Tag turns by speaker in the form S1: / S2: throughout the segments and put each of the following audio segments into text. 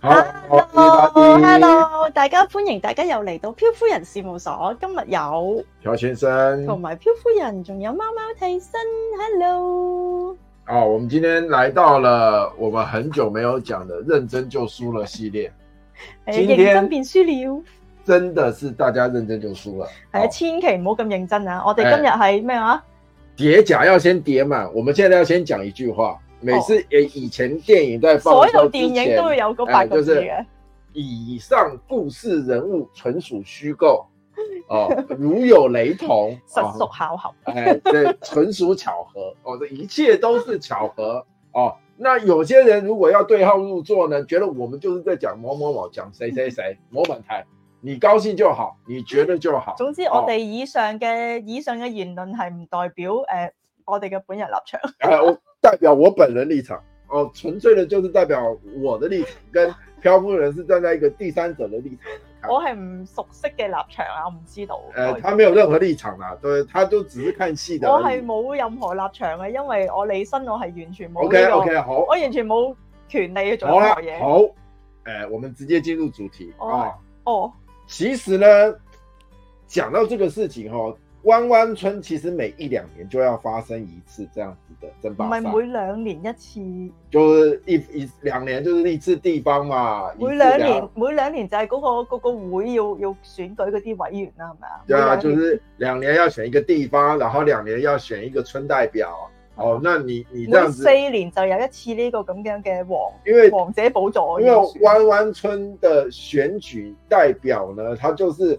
S1: hello，hello，
S2: 大家歡迎，大家又嚟到漂夫人事務所。今日有
S1: 漂先生同埋
S2: 漂夫人，仲有貓貓替身。hello，
S1: 哦，我們今天來到了，我們很久沒有講的認真就輸了系列。 哎、天認真
S2: 變輸了，
S1: 真的是大家認真就輸了。
S2: 係啊，好千祈唔好咁認真啊！我哋今日係咩話？
S1: 疊、哎、甲要先疊滿，我們現在要先講一句話。每次誒，以前電影都在放之前，所有電影都會有個八個字，哎就是，以上故事人物純屬虛構哦，如有雷同，實屬 巧
S2: 合，哎，對，
S1: 純屬巧合， 哦，這一切都是巧合哦。那有些人如果要對號入座呢，覺得我們就是在講某某某，講誰誰誰，模板台，你高興就好，你覺得就好。總之我、哦呃，我哋
S2: 以上嘅以上嘅言論係唔代表誒我哋嘅本人立場。哎
S1: 代表我本人的立場哦，純、呃、粹的就是代表我的立場， 跟漂夫人是站在一個第三者的立場。
S2: 我係唔熟悉嘅立場啊，唔知道。誒、呃，他沒
S1: 有任何立場啦、啊，對，他都只是看戲的。我係
S2: 冇任何立場嘅，因為我離身，我是完全冇、這個。O K O K，好。我完全冇權利去做任何嘢。好，
S1: 誒、呃，我們直接進入主題、oh，啊。哦。Oh. 其實呢，講到這個事情，哈。灣灣村其實每一兩年就要發生一次這樣子
S2: 的爭霸，唔係每兩年一次，
S1: 就是一一,一兩年就是一次地方嘛。每兩年兩
S2: 每兩年就是嗰、那個個會要要選舉嗰啲委員啦，係咪啊？對啊，就是
S1: 兩年要選一個地方，然後兩年要選一個村代表。嗯、哦，那你你這樣子，四
S2: 年就有一次這個咁樣的王，因為王者寶座。因為
S1: 灣灣村的選舉代表呢，他就是。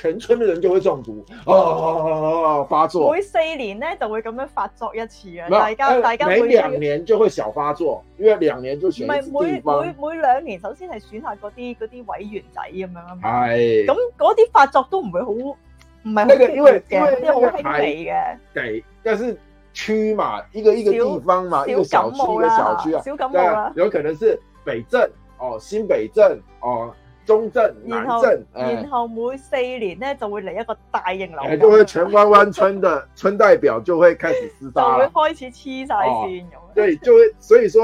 S1: 全村的人就會中毒哦，發作，每
S2: 四年呢就會咁樣發作一次啊！有大家大家、呃、每兩
S1: 年就會小發作，因為兩年就選唔係每每每，
S2: 每兩年，首先係選下嗰啲嗰啲委員仔咁樣啊。係咁嗰啲發作都唔會好，唔
S1: 係好，嗰個，因為因為因為好輕微嘅，地，但係區嘛，一個一個地方嘛，小感冒啦，一個小區一個小區啊，小感冒啦，有可能是北鎮哦，新北鎮哦。中鎮南鎮，然
S2: 後每四年呢就會嚟一個大型流，哎、就會
S1: 全灣灣村的村代表就會開始知道， 就會
S2: 開始黐晒線咁。
S1: 對、哦，就會，所以說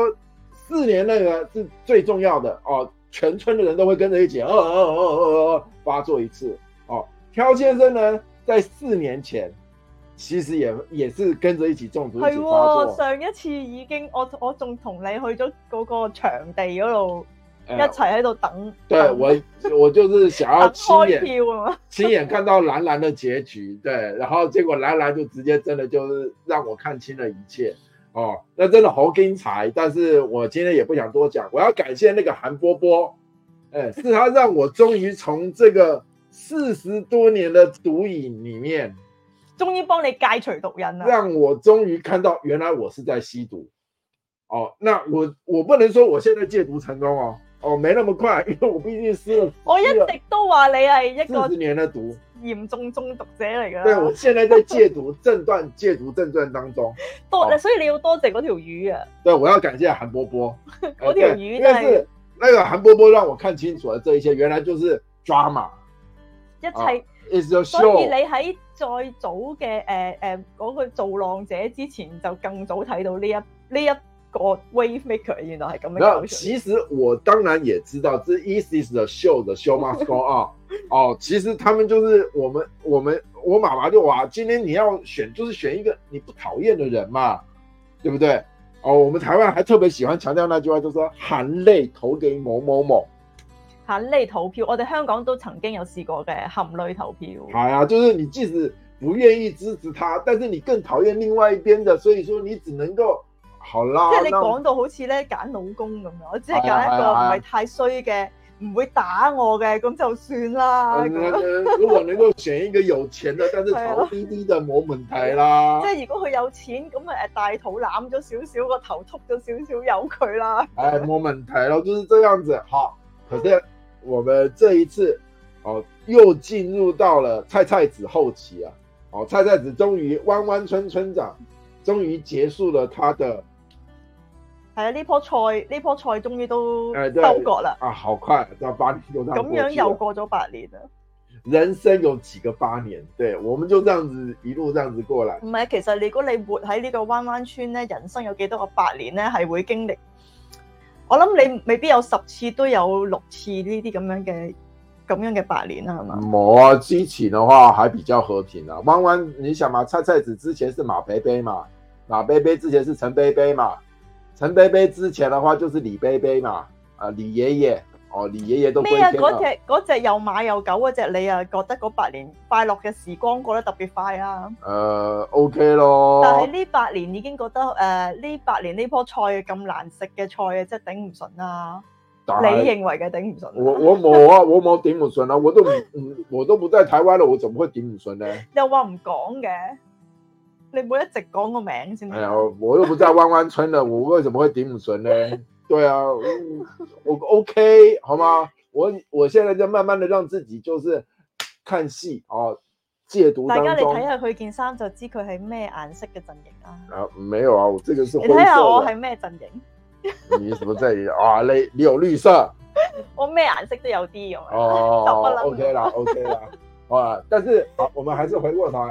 S1: 四年那個，是最重要的哦，全村的人都會跟着一起，哦哦哦哦哦，發作一次哦。漂先生呢，在四年前其實也也是跟着一起中毒，係、哦、
S2: 上一次已經，我我仲同你去咗嗰個場地嗰度。一齊喺度等，哎、對、嗯、我
S1: 我就是想要親眼親眼看到藍藍的結局，對，然後結果藍藍就直接真的就是讓我看清了一切，哦，那真的好精彩，但是我今天也不想多講，我要感謝那個韓波波，哎、是他讓我終於從這個四十多年的毒癮裏面，
S2: 終於幫你戒除毒癮啦，讓
S1: 我終於看到原來我是在吸毒，哦，那我我不能說我現在戒毒成功哦。哦，沒那麼快，因為我畢竟是我一直
S2: 都話你係一個十年的毒嚴重中毒者嚟嘅。對我現在在戒
S1: 毒正段 戒毒正段當中
S2: 多， 好所以你要多謝嗰條魚
S1: 啊。對，我要感謝韓波波
S2: 嗰條魚，但是
S1: 那個韓波波讓我看清楚咗這一些原來就是 drama，
S2: 一切。啊，所以你喺再早嘅誒誒嗰個造浪者之前，就更早睇到呢一呢一。這一個 wave maker 原來係咁樣，其
S1: 實我當然也知道，這是 easy 的 show 的 show must go on 哦。其實他們就是我們，我們我媽媽就話：今天你要選，就是選一個你不討厭的人嘛，對不對？哦、oh，我們台灣還特別喜歡強調那句話，就說含淚投給某某某。
S2: 含淚投票，我哋香港都曾經有試過嘅含淚投票。
S1: 係啊，就是你即使不願意支持他，但是你更討厭另外一邊的，所以說你只能夠。好啦，即係你講
S2: 到好似咧揀老公咁樣，我只係揀一個唔係、啊、太衰嘅，唔、啊、會打我嘅咁就算啦。嗯、那如
S1: 果能夠選一個有錢的， 但是頭低低的冇、啊、問題啦。即係
S2: 如果佢有錢咁啊，大肚腩咗少少，個頭禿咗少少有佢啦。誒、 哎，
S1: 冇問題咯，就是這樣子。好，可是我們這一次，哦，又進入到了菜菜子後期啊。哦，菜菜子終於灣灣村村長，終於結束了他的。
S2: 係啊！呢棵菜呢棵菜終於都收穫啦！啊，
S1: 好快，就八年咁樣又過
S2: 咗八年啦！
S1: 人生有幾個八年？對，我們就這樣子一路這樣子過來。
S2: 唔係，其實如果你活喺呢個彎彎村咧，人生有幾多個八年咧，係會經歷？我諗你未必有十次都有六次呢啲咁樣嘅咁樣嘅八年啦，係
S1: 嘛？冇啊！之前嘅話還比較和平啦，啊。彎彎，你想嘛？菜菜子之前是馬貝貝嘛？馬貝貝之前是陳貝貝嘛？陳貝貝之前的話就是李貝貝嘛，啊李爺爺哦李爺爺，都咩啊嗰隻
S2: 嗰隻又馬又狗嗰隻，你啊覺得嗰八年快樂嘅時光過得特別快啊？
S1: 誒、呃、OK 咯，但係
S2: 呢八年已經覺得，誒，呢八年呢棵菜咁難食嘅菜啊，真係頂唔順啊！是你認為嘅頂唔順？我我冇
S1: 啊，我冇頂唔順啊，我都唔我都唔喺台灣啦，我怎麼會頂唔順咧？
S2: 又話唔講嘅？你唔好一直講
S1: 個名先。哎呀，我又不在彎彎村啦，我為什麼會頂唔順咧？對啊我，我 OK 好嗎？我我現在就慢慢的讓自己就是看戲哦、啊，戒毒。大家你睇下
S2: 佢件衫就知佢係咩顏色
S1: 嘅陣營啊。啊，沒有啊，我這個是的。你睇下我係咩陣營？你什麼陣營？啊，你你有綠色。
S2: 我咩顏色都有啲用、啊。啊、 哦，OK 啦，OK 啦。
S1: 哇、okay， 但是好、啊，我們還是回過頭。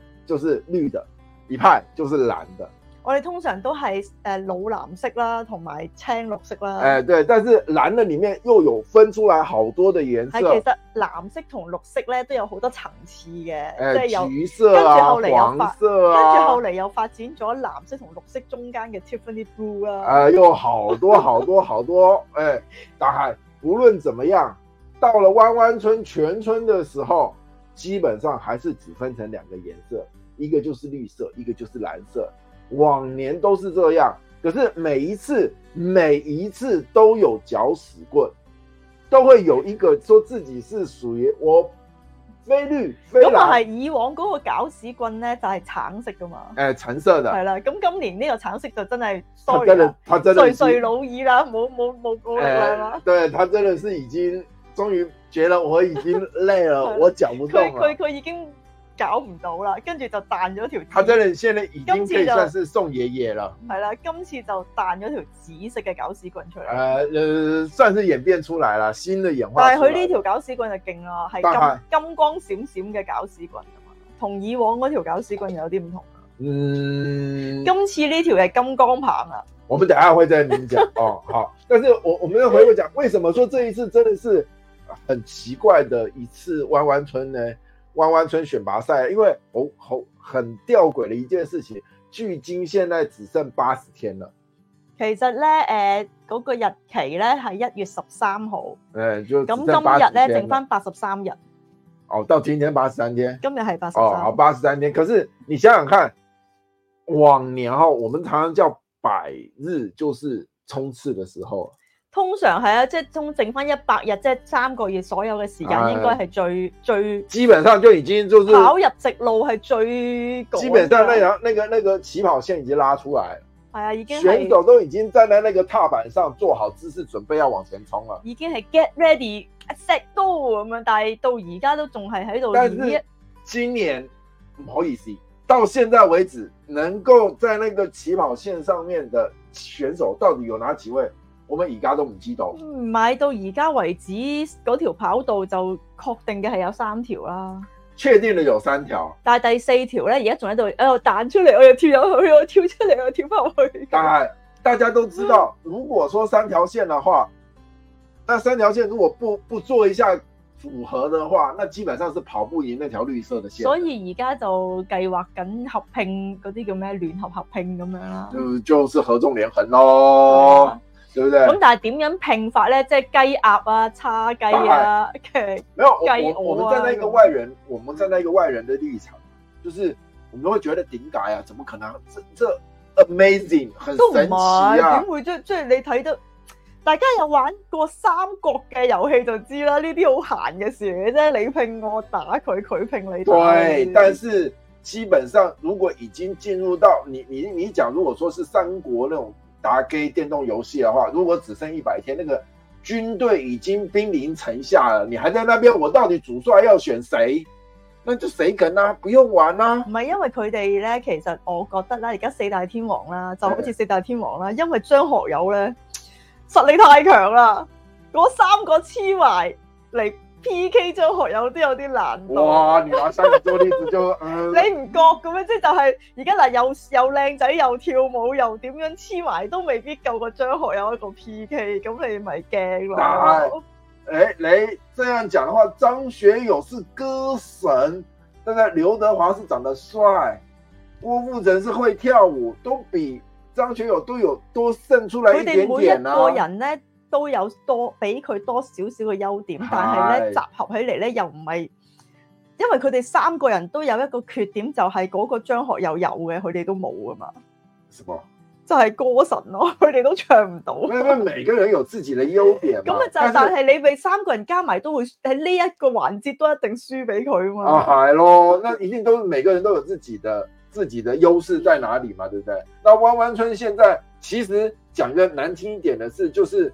S1: 就是綠的，一派就是藍的。
S2: 我哋通常都係、呃、老藍色啦，同埋青綠色啦。誒、欸，
S1: 對，但是藍嘅裏面又有分出來好多的顏色、欸。其實
S2: 藍色同綠色呢都有好多層次嘅，即、就是、有橘色、啊、跟住後來有白色、啊、色跟住後嚟又發展咗藍色同綠色中間嘅 Tiffany Blue 啦、啊。有、
S1: 欸、好多好多好多， 欸、但係無論怎麼樣，到了彎彎村全村嘅時候，基本上還是只分成兩個顏色。一個就是綠色，一個就是藍色，往年都是這樣。可是每一次，每一次都有攪屎棍，都會有一個說自己是屬於我，非綠
S2: 非藍。咁啊，係以往嗰個攪屎棍呢就係橙色嘅嘛。誒、欸，橙色的。係啦，咁今年呢個橙色就真係衰啦，了他真的垂垂老矣啦，冇冇冇冇。係嘛、
S1: 欸？對，他真的是已經終於覺得我已經累了， 了我講不動了。佢
S2: 佢已經。搞唔到啦，跟住就彈咗條。他真係
S1: 現在已經可以算是宋爺爺啦。
S2: 係啦、嗯，今次就彈咗條紫色嘅攪屎棍出
S1: 嚟。誒誒、呃呃，算是演變出來了，新的演化。但係佢呢
S2: 條攪屎棍就勁啊，係金他金光閃閃嘅攪屎棍啊，同以往嗰條攪屎棍有啲唔同啊。嗯，今次呢條係金光棒啊。我們等下可以再
S1: 講哦，哈！但是我我們要回過嚟講，為什麼說這一次真的是很奇怪的一次彎彎村呢？灣灣村選拔賽，因為好好、哦哦、很吊詭的一件事情，距今現在只剩八十天了。
S2: 其實呢，誒、呃，嗰、那個日期呢，係一月十三號，
S1: 誒、嗯，咁今日呢，剩翻
S2: 八十三日。
S1: 哦，到今天八十三天。今
S2: 日係八十三哦，
S1: 八十三天。 可是你想想看，往年嗬，我們常常叫百日，就是衝刺的時候。
S2: 通常係啊，即係仲剩翻一百日，即係三個月所有嘅時間，應該係最最
S1: 基本上就已經就是跑
S2: 入直路係最高基本上、那個，那條
S1: 那個那個起跑線已經拉出來，
S2: 係啊、哎，已經選手
S1: 都已經站在那個踏板上，做好姿勢準備要往前衝了
S2: 已經係 get ready set go 咁樣，但係到而家都仲係喺度。但係
S1: 今年唔咦好意思，到現在為止，能夠在那個起跑線上面的選手到底有哪幾位？我哋而家都唔知道，
S2: 買到而家為止嗰條跑道就確定嘅係有三條啦。
S1: 確定嘅有三條，
S2: 但係第四條咧，而家仲喺度，誒、哎、彈出嚟，我又跳咗去，我又
S1: 跳出嚟，又跳翻去。但係大家都知道， 如果說三條線嘅話，但三條線如果不不做一下符合嘅話，那基本上是跑不贏那條綠色嘅線。所
S2: 以而家就計劃緊合拼嗰啲叫咩聯合合拼咁樣啦，
S1: 嗯，就是合縱連橫咯。 對不對？咁、嗯、但
S2: 係點樣拼法咧？即係雞鴨啊，叉雞啊，OK 不雞沒有。雞我我站在一
S1: 個外人，嗯、我們站在一個外人的立場，就是我們會覺得
S2: 點解啊，怎麼可能？這這 amazing，很神奇啊！都唔係，點會即即係你睇到大家有玩過三國嘅遊戲就知啦，呢啲好閒嘅事啫。你拼我打佢，佢拼你。對，但是
S1: 基本上如果已經進入到你你你講，如果說是三國那種。打機電動遊戲的話，如果只剩一百天，那個軍隊已經兵臨城下了，你還在那邊，我到底主帥要選誰？那就誰梗呢？
S2: 不用玩啦、啊。唔係因為佢哋咧，其實我覺得啦，而家四大天王啦，就好似四大天王啦，對因為張學友咧實力太強啦，嗰三個黐埋嚟。P K 張學友都有啲難度，哇！你攞三個
S1: 做例子就，嗯、 你
S2: 唔覺咁樣即係就係而家嗱，又又靚仔，又跳舞，又點樣黐埋都未必夠過張學友一個 P K，咁你咪驚咯。係，誒、欸、你、
S1: 欸、這樣講的話，張學友是歌神，但係劉德華是長得帥，郭富城是會跳舞，都比張學友都有多勝出來一點點啦、啊。個人
S2: 咧。都有多俾佢多少少嘅優點，但係咧集合起嚟咧又唔係，因為佢哋三個人都有一個缺點，就係嗰個張學友有嘅，佢哋都冇啊嘛。什麼？就係歌神咯，佢哋都唱唔到。因為每個人有自己的優點，咁啊就但係你俾三個人加埋都會喺呢一個環節都一定輸俾佢啊嘛。啊係
S1: 咯，一定都每個人都有自己的自己嘅優勢在哪裏嘛，對不對？那彎彎村現在其實講個難聽一點的事，就是。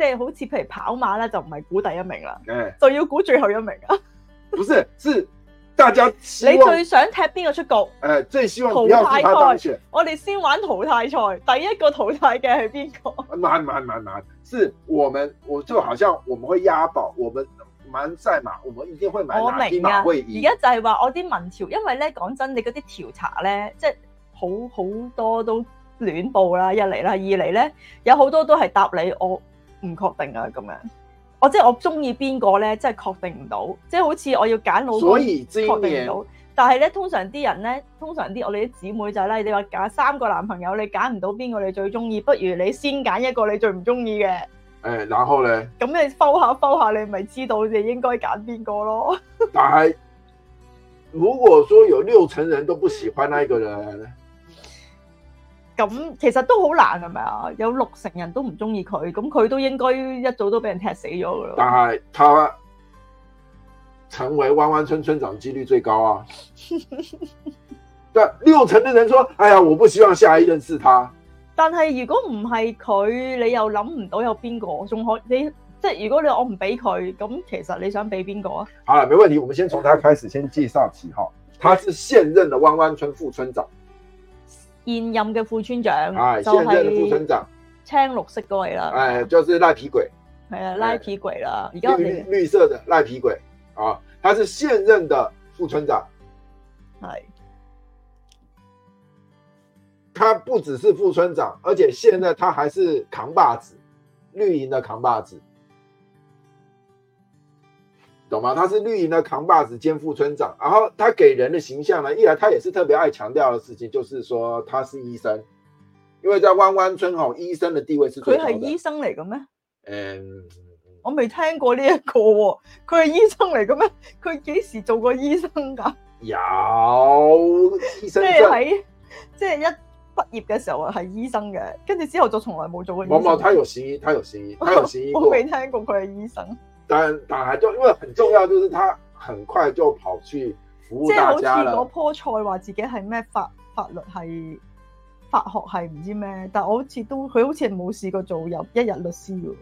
S2: 即係好似譬如跑馬咧，就唔係估第一名啦，欸、就要估最後一名啊！
S1: 唔係，是大家希望你最
S2: 想踢邊個出局？
S1: 誒、呃，最希望淘汰其
S2: 我哋先玩淘汰賽，第一個淘汰嘅係邊個？
S1: 難難難難，是我們我就好像我們會押寶，我們買賽馬，馬，我們一定會買我明馬會贏。
S2: 而家就係話我啲民調，因為咧講真，你嗰啲調查咧，即係好好多都亂報啦，一嚟啦，二嚟咧有好多都係答你我。唔確定啊，咁樣，我即係我中意邊個咧，即係確定唔到，即係好似我要揀老公，所以確定唔到。但係咧，通常啲人咧，通常啲我哋啲姊妹仔咧，你話揀三個男朋友，你揀唔到邊個你最中意，不如你先揀一個你最唔中意嘅。誒、哎，
S1: 然後咧。
S2: 咁你剖下剖下，你咪知道你應該揀邊個咯。但
S1: 係，如果說有六成人都不喜歡那一個人。
S2: 咁其實都好難係咪啊？有六成人都唔中意佢，咁佢都應該一早都俾人踢死咗噶啦。但
S1: 係他成為彎彎村村長幾率最高啊！ 但六成嘅人說，哎呀，我不希望下一任是他。
S2: 但係如果唔係佢，你又諗唔到有邊個？仲可你即係、就是、如果你我唔俾佢，咁其實你想俾邊個啊？
S1: 好啦，沒問題，我們先從他開始，先介紹起。佢。哈，他是現任的彎彎村副村長。
S2: 現任嘅副，副村長，就係青綠色嗰位啦。哎，
S1: 就是賴皮鬼，
S2: 係啊，賴皮鬼啦。
S1: 綠色的賴皮鬼，啊，他是現任的副村長，係的。他不只是副村長，而且現在他還是扛把子，綠營的扛把子。懂嗎？他是綠營的扛把子，兼副村長。然後他給人的形象呢，一來他也是特別愛強調的事情，就是說他是醫生，因為在灣灣村，嗬，醫生的地位是最高的。佢係醫
S2: 生嚟嘅咩？嗯、我未聽過呢一個、哦。佢係醫生嚟嘅咩？佢幾時做過醫生㗎？
S1: 有醫生即係喺
S2: 即係一畢業嘅時候係醫生嘅，跟住之後就從來冇做過醫生。冇冇。他有
S1: 他有行醫，他有,他有我未
S2: 聽過佢係醫生。
S1: 但但係就因為很重要，就是他很快就跑去服務大家。即係好似嗰
S2: 棵菜話自己係咩法法律系法學系唔知咩，但係我好似都佢好似冇試過做入一日律師嘅。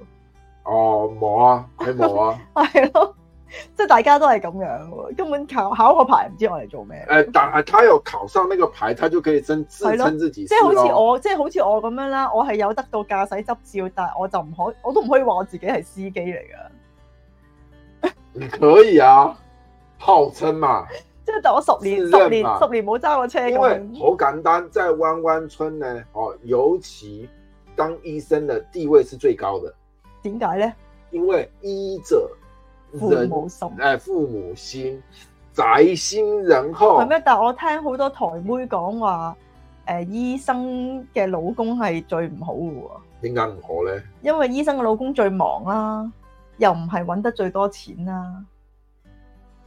S1: 哦，冇啊，佢冇啊。係
S2: 咯， 即係大家都係咁樣，根本考考個牌唔知我嚟做咩。誒、
S1: 欸，但係他又考上呢個牌，他就可以稱自稱自己。即係好似我，
S2: 即係 好似我咁樣啦，我係有得到駕駛執照，但係我就唔可，我都唔可以話我自己係司機嚟噶。
S1: 可以啊，號稱嘛，即係等我十年，十年十年
S2: 冇揸過車。因為好
S1: 簡單，在灣灣村咧，哦，尤其當醫生的地位是最高的。
S2: 點解咧？
S1: 因為醫者父母心，誒、欸，父母心，宅心仁厚係咩？
S2: 但我聽好多台妹講話，誒、呃，醫生嘅老公係最唔好嘅喎。
S1: 點解唔好咧？
S2: 因為醫生嘅老公最忙啦、啊。又唔係揾得最多錢啦！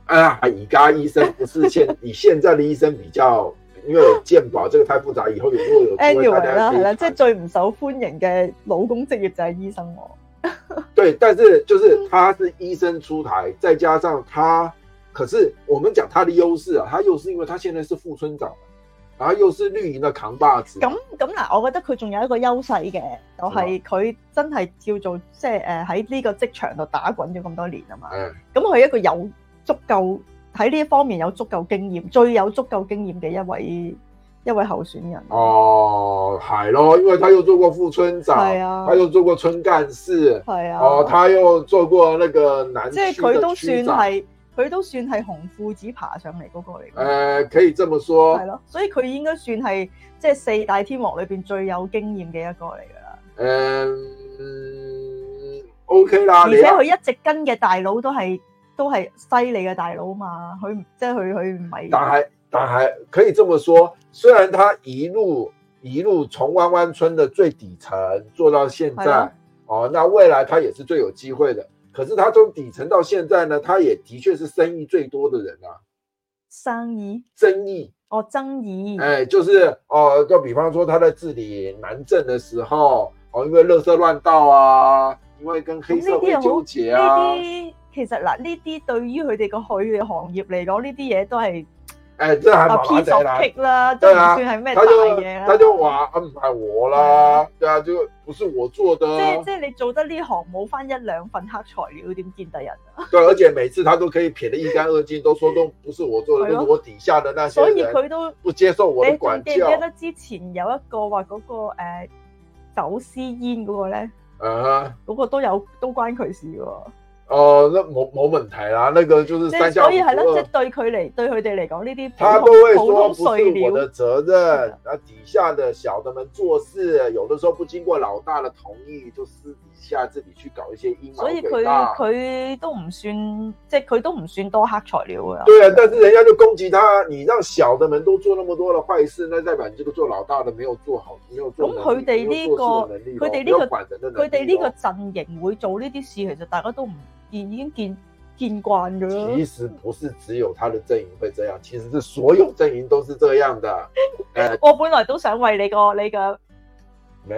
S1: 啊，以家、啊、醫生不是現以現在的醫生比較，因為健保這個太複雜，以後也沒有冇有多？Anyway 啦，係啦，
S2: 即係最唔受歡迎嘅老公職業就係醫生我。
S1: 對，但是就是他是醫生出台，再加上他，可是我們講他的優勢啊，他又是因為他現在是副村長。啊！又是綠營嘅扛霸子。咁
S2: 咁嗱，我覺得佢仲有一個優勢嘅，就係、是、佢真係叫做即係誒喺呢個職場度打滾咗咁多年啊嘛。咁佢、哎、一個有足夠喺呢一方面有足夠經驗、最有足夠經驗嘅一位一位候選人。
S1: 哦，係咯，因為他又做過副村長，啊、他又做過村幹事，係啊，哦、呃，他又做過那個南區區長。即係佢都算係。
S2: 佢都算係紅褲子爬上嚟嗰個嚟，誒、呃、
S1: 可以咁樣講，係咯，
S2: 所以佢應該算係即係四大天王裏邊最有經驗嘅一個嚟㗎。誒、呃
S1: 嗯、OK 啦，而且佢一
S2: 直跟嘅大佬都係都係犀利嘅大佬嘛，佢即係佢佢唔係。但係
S1: 但係可以咁樣講，雖然他一路一路從彎彎村嘅最底層做到現在，了哦，那未來他也是最有機會嘅。可是他從底層到現在呢，他也的確是生意最多的人啊。
S2: 生意爭議哦，oh, 爭議哎、欸，就是
S1: 哦，就比方說他在治理南鄭的時候哦，因為垃圾亂倒啊，
S2: 因為跟黑社會糾結啊。這些這些其實，嗱，呢啲對於佢哋個去嘅行業嚟講，呢啲嘢都係。
S1: 誒，這、哎、還冇得劈啦，啊、都唔算係咩大嘢啦、啊？他就話唔係我啦，啊對啊，就不是我做的、啊。即即係
S2: 你做得呢行冇翻一兩份黑材料，點見得人啊？對，
S1: 而且每次他都可以撇得一乾二淨，都說都不是我做的，是啊、都是我底下的那些。所以佢都不接受我的管教。你記唔記得
S2: 之前有一個話嗰、那個誒，走私煙嗰個咧？啊，嗰個都有，都關佢事噶。
S1: 哦，那某某本台啦，那個就是三家，2，所以係咯，即係、就是、
S2: 對佢嚟，對佢哋嚟講呢啲，他都會說，不是我的
S1: 責任，那的、啊、底下的小的們做事，有的時候不經過老大的同意，就私、是。下自己去搞一些，所以佢
S2: 佢都唔算，即係佢都唔算多黑材料啊。對啊，
S1: 但是人家就攻擊他、啊，你讓小的們都做那麼多的壞事，那代表你呢個做老大的沒有做好，沒有做好咁佢哋呢個佢哋呢個佢哋呢個
S2: 陣營會做呢啲事，其實大家都唔見已經見見慣咗。其
S1: 實不是只有他的陣營會這樣，其實是所有陣營都是這樣的。 呃、
S2: 我本來都想為你個你個咩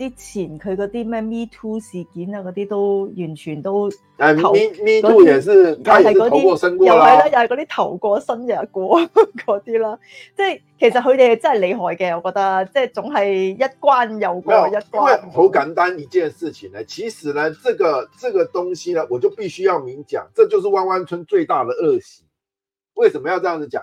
S2: 之前佢嗰啲咩 Me Too 事件啊，嗰啲都完全都誒、嗯、頭 Me Me Too 也是，佢係嗰啲又係咧，過過啦又係嗰啲頭過身又過嗰啲 啦。即係其實佢哋真係厲害嘅，我覺得。即、就、係、是、總係一關又過一關，
S1: 好簡單一件事情咧，其實呢，這個這個東西咧，我就必須要明講，這就是灣灣村最大的惡習，為什麼要這樣子講？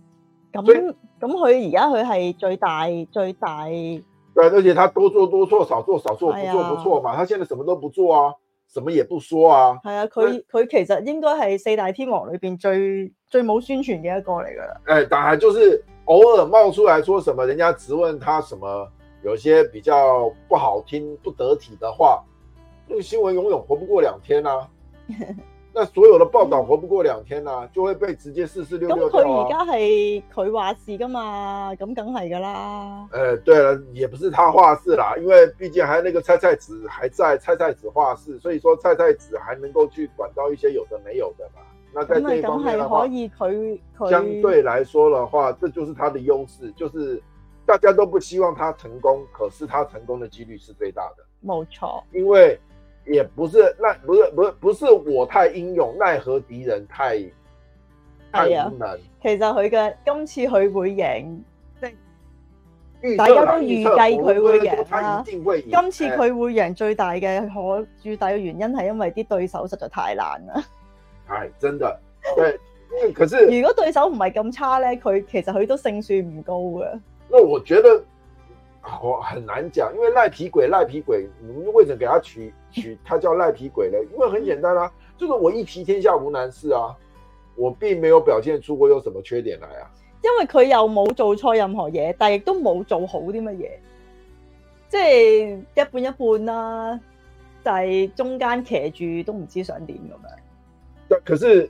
S2: 咁咁佢而家佢係最大最大，最大對，而且他
S1: 多做多錯，少做少錯，不做不錯嘛。哎、呀他現在什麼都不做啊，什麼也不說啊。係啊、哎，
S2: 佢佢以其實應該係四大天王裏邊最最冇宣傳嘅一個嚟噶
S1: 啦。誒、哎，但係就是偶爾冒出來說什麼，人家質問他什麼，有些比較不好聽、不得體的話，這個新聞永遠活不過兩天啊。 那所有的報道活不過兩天啦、啊，嗯、就會被直接四四六六咗、啊。佢而家
S2: 是佢話事噶嘛，咁梗係噶啦。
S1: 誒、呃，對啦，也不是他話事啦，因為畢竟還那個蔡蔡子還在，蔡蔡子話事，所以說蔡蔡子還能夠去管到一些有的沒有的嘛。那在這一方面嘅話，可
S2: 以相對
S1: 來說的話，這就是他的優勢，就是大家都不希望他成功，可是他成功的幾率是最大的。
S2: 冇錯錯，
S1: 因為。也不是，那不，不是，不是，不是我太英勇，奈何敵人太太無能。哎、
S2: 其實佢嘅今次佢會贏，即大家都預計佢會贏啦、啊。
S1: 今次佢
S2: 會贏最大嘅可最大嘅原因係因為啲對手實在太爛啦。
S1: 係、哎、真的，因為可是如果
S2: 對手唔係咁差咧，佢其實佢都勝算唔高嘅。
S1: 那我覺得。我、oh, 很難講，因為賴皮鬼賴皮鬼，你們為什麼給他取取，他叫賴皮鬼呢？ 因為很簡單啦、啊，就是我一皮天下無難事啊，我並沒有表現出我有什麼缺點來啊。
S2: 因為佢又冇做錯任何嘢，但亦都冇做好啲乜嘢，即係一半一半啦、啊，但係中間騎住都唔知想點咁樣。
S1: 但可是。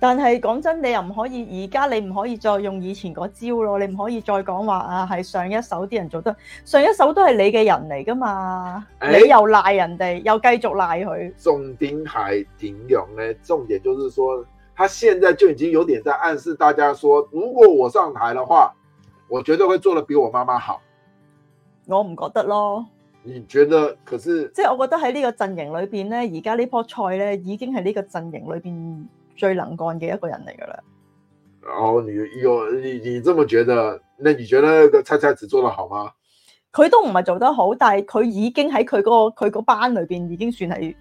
S2: 但係講真，你又唔可以，而家你唔可以再用以前嗰招咯，你唔可以再講話啊，係上一手啲人做得上一手都係你嘅人嚟噶嘛。欸、你又賴人哋，又繼續賴佢。
S1: 重點係點樣咧？重點就係說，他現在就已經有點在暗示大家說，說如果我上台嘅話，我絕對會做得比我媽媽好。
S2: 我唔覺得咯。
S1: 你覺得？可是
S2: 即係我覺得喺呢個陣營裏邊咧，而家呢棵菜咧，已經係呢個陣營裏邊最能幹嘅一個人嚟噶啦，
S1: 然後你有你你這麼覺得，那你覺得菜菜子做得
S2: 好嗎？佢都唔係做得好，但係佢已經喺佢嗰佢嗰班裏邊已經算係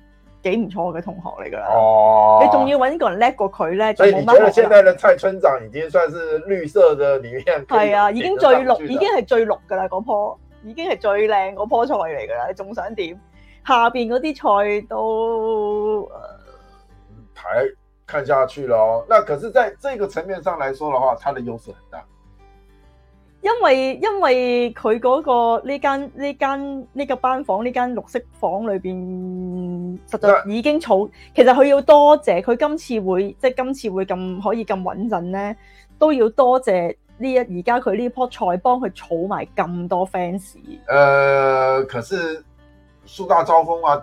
S2: 幾唔錯嘅同學嚟噶啦。哦，你仲要搵個人叻過佢咧？所以我覺得現在
S1: 的蔡村長
S2: 已經算是綠色嘅裏面係啊，哦、已經最綠，已經係最綠噶啦，嗰棵已經係最靚嗰棵菜嚟噶啦，你仲想點？下邊嗰啲菜都
S1: 睇看下去咯、哦，那可是，在這個層面上來說的話，它的優勢很大。
S2: 因為因為佢嗰個呢間呢間呢個班房呢間綠色房裏邊，實在已經儲。那其實佢要多謝佢今次會即係今次會咁可以咁穩陣咧，都要謝謝多謝呢一而家佢呢樖菜幫佢儲埋咁多 fans。誒、
S1: 呃，可是樹大招風啊。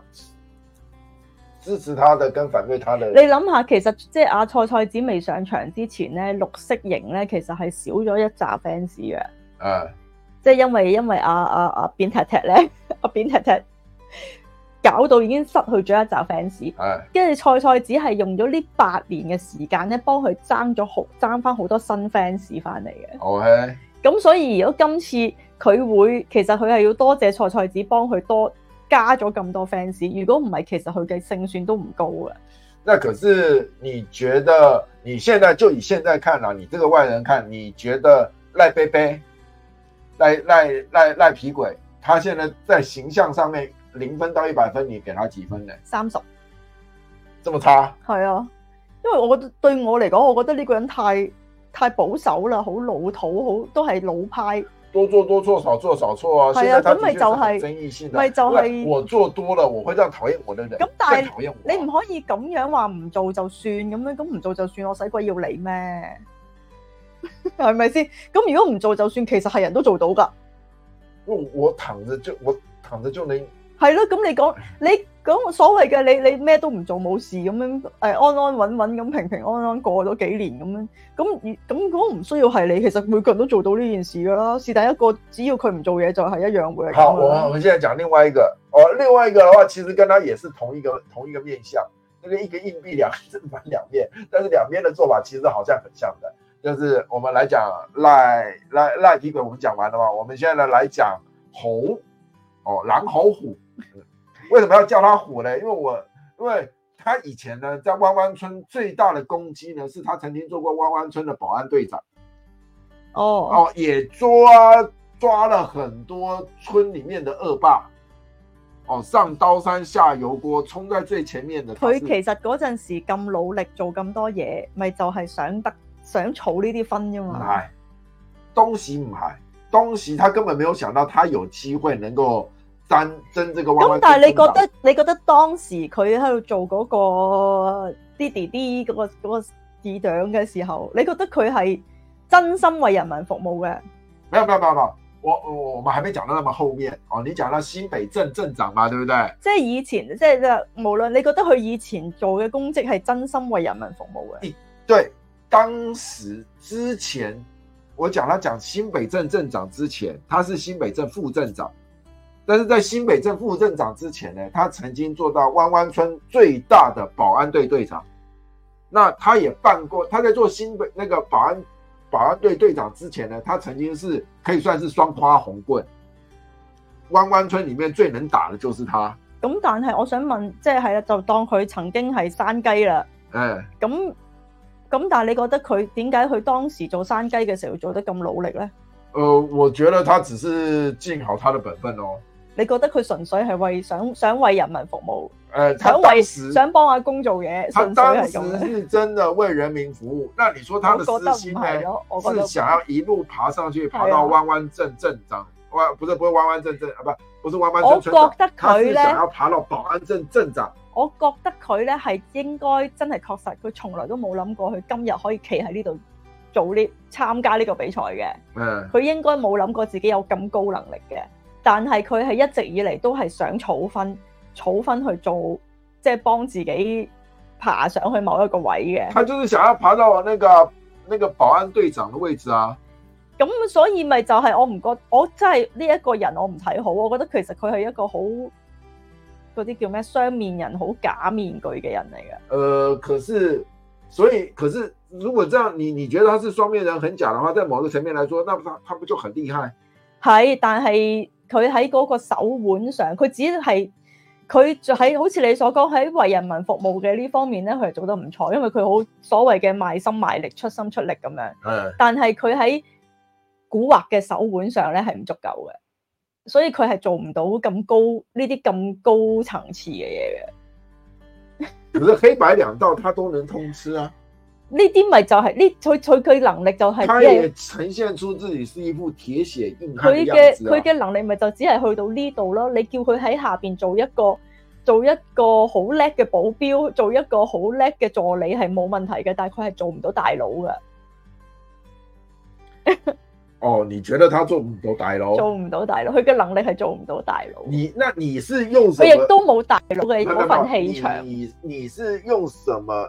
S1: 支持他的跟反對他的，你諗
S2: 下，其實即係阿蔡蔡子未上場之前咧，綠色營咧其實係少咗一紮 fans 嘅，誒，即係因為因為阿阿阿扁踢踢咧，阿扁踢踢搞到已經失去咗一紮 fans，係，跟住、啊、蔡蔡子係用咗呢八年嘅時間咧，幫佢爭咗好爭翻好多新 fans 翻嚟嘅，ok，咁所以如果今次佢會，其實佢係要多謝蔡蔡子幫佢多。加咗咁多 fans，如果唔係，其實佢嘅勝算都唔高啊。
S1: 那可是你覺得，你現在就以現在看啦、啊，你這個外人看，你覺得賴貝貝、賴賴賴賴皮鬼，他現在在形象上面零分到一百分，你給他幾分呢？
S2: 三十，這麼差？係啊，因為我覺得對我嚟講，我覺得呢個人太太保守啦，好老土，好都係老派。多做多錯，少做
S1: 少錯啊！係啊，咁咪就係爭議性嘅，咪就係我做多了，我會這樣討厭我的人，
S2: 最討厭我。你唔可以咁樣話唔做就算咁樣，咁唔做就算，我使鬼要你咩？係咪先？咁如果唔做就算，其實係人都做到噶。我躺着就我躺着就你。係咯，咁你講你。咁所謂嘅你，你咩都唔做冇事，咁樣誒，安安穩穩咁，平平安安過咗幾年，咁樣咁，咁如果唔需要係你，其實每個人都做到呢件事噶啦，是第一個，只要佢唔做嘢就係、是、一樣會。好，我我
S1: 現在講另外一個哦，另外一個嘅話其實跟他也是同一個同一個面相，即、就、個、是、一個硬幣兩正反兩面，但是兩邊的做法其實好像很像的，就是我們來講賴賴賴皮鬼，我們講完了嘛，我們現在來講猴哦，狼猴。虎。為什麼要叫他火呢？因為我，因為他以前呢，在灣灣村最大的功績呢，是他曾經做過灣灣村的保安隊長。哦、oh. 哦，也抓抓了很多村裏面的惡霸。哦，上刀山下油鍋，衝在最前面的他。佢其實
S2: 嗰陣時咁努力做咁多嘢，咪就係、是、想得想儲呢啲分啫嘛。係、
S1: 哎，東席唔係東席，他根本沒有想到他有機會能夠。真真，這個彎彎咁，但係你覺得
S2: 你覺得當時佢喺度做嗰個 d 弟、弟 d 嗰、那個嗰、那個市長嘅時候，你覺得佢係真心為人民服務嘅？
S1: 沒有沒有沒有冇，我我我們還沒講到那麼後面哦。你講到新北市市長嘛，對不對？
S2: 即係以前，即係就是、無論你覺得佢以前做嘅公職係真心為人民服務嘅。
S1: 對，當時之前我講到講新北市市長之前，他是新北市副市長。但是在新北鎮副鎮長之前呢，他曾經做到灣灣村最大的保安隊隊長。那他也辦過，他在做新北那個保安保安隊隊長之前呢，他曾經是可以算是雙花紅棍。灣灣村裏面最能打的就是他。
S2: 咁但係我想問，即係係呀，就當佢曾經係山雞啦。誒、嗯，咁咁但係你覺得佢點解佢當時做山雞嘅時候做得咁努力咧？
S1: 誒、呃，我覺得他只是盡好他的本分咯。
S2: 你覺得佢純粹係為想想為人民服務？誒、
S1: 呃，他想為想
S2: 幫阿公做嘢，純粹係咁。當時
S1: 係真的為人民服務，那你說他的私心是，是，是想要一路爬上去，的爬到彎彎鎮鎮長？彎的，不是，不是彎彎鎮鎮啊，不，不是彎彎我覺得佢咧，想要爬到保安鎮鎮長。
S2: 我覺得佢咧係應該真係確實，佢從來都冇諗過佢今日可以企喺呢度做呢參加呢個比賽嘅。嗯，佢應該冇諗過自己有咁高能力嘅。但係佢係一直以嚟都係想儲分，儲分去做，即係幫自己爬上去某一個位嘅。佢就
S1: 係想要爬到我那個那個保安隊長的位置啊！
S2: 咁所以咪就係我唔覺，我真係呢一個人我唔睇好。我覺得其實佢係一個好嗰啲叫咩雙面人，好假面具嘅人嚟嘅。
S1: 誒、呃，可是所以，可是如果這樣你，你你覺得他是雙面人，很假的話，在某個層面來說，那不他他不就很厲害？
S2: 係，但係。佢喺嗰個手腕上，佢只係佢就喺好似你所講喺為人民服務嘅呢方面咧，佢係做得唔錯，因為佢好所謂嘅賣心賣力、出心出力咁樣。係。但係佢喺古惑嘅手腕上咧係唔足夠嘅，所以佢係做唔到咁高呢啲咁高層次嘅嘢嘅。
S1: 其實黑白兩道，他都能通吃啊！
S2: 呢啲咪就係呢，佢佢佢能力就係，佢也
S1: 呈現出自己是一副鐵血硬漢。佢嘅佢嘅
S2: 能力咪就只係去到呢度咯。你叫佢喺下邊做一個做一個好叻嘅保鏢，做一個好叻嘅助理係冇問題嘅，但係佢係做唔到大佬㗎。
S1: 哦，你覺得他做唔到大佬？做
S2: 唔到大佬，佢嘅能力係做唔到大佬。
S1: 你那你係用佢亦都
S2: 冇大佬嘅嗰份氣場。
S1: 你你是用什麼？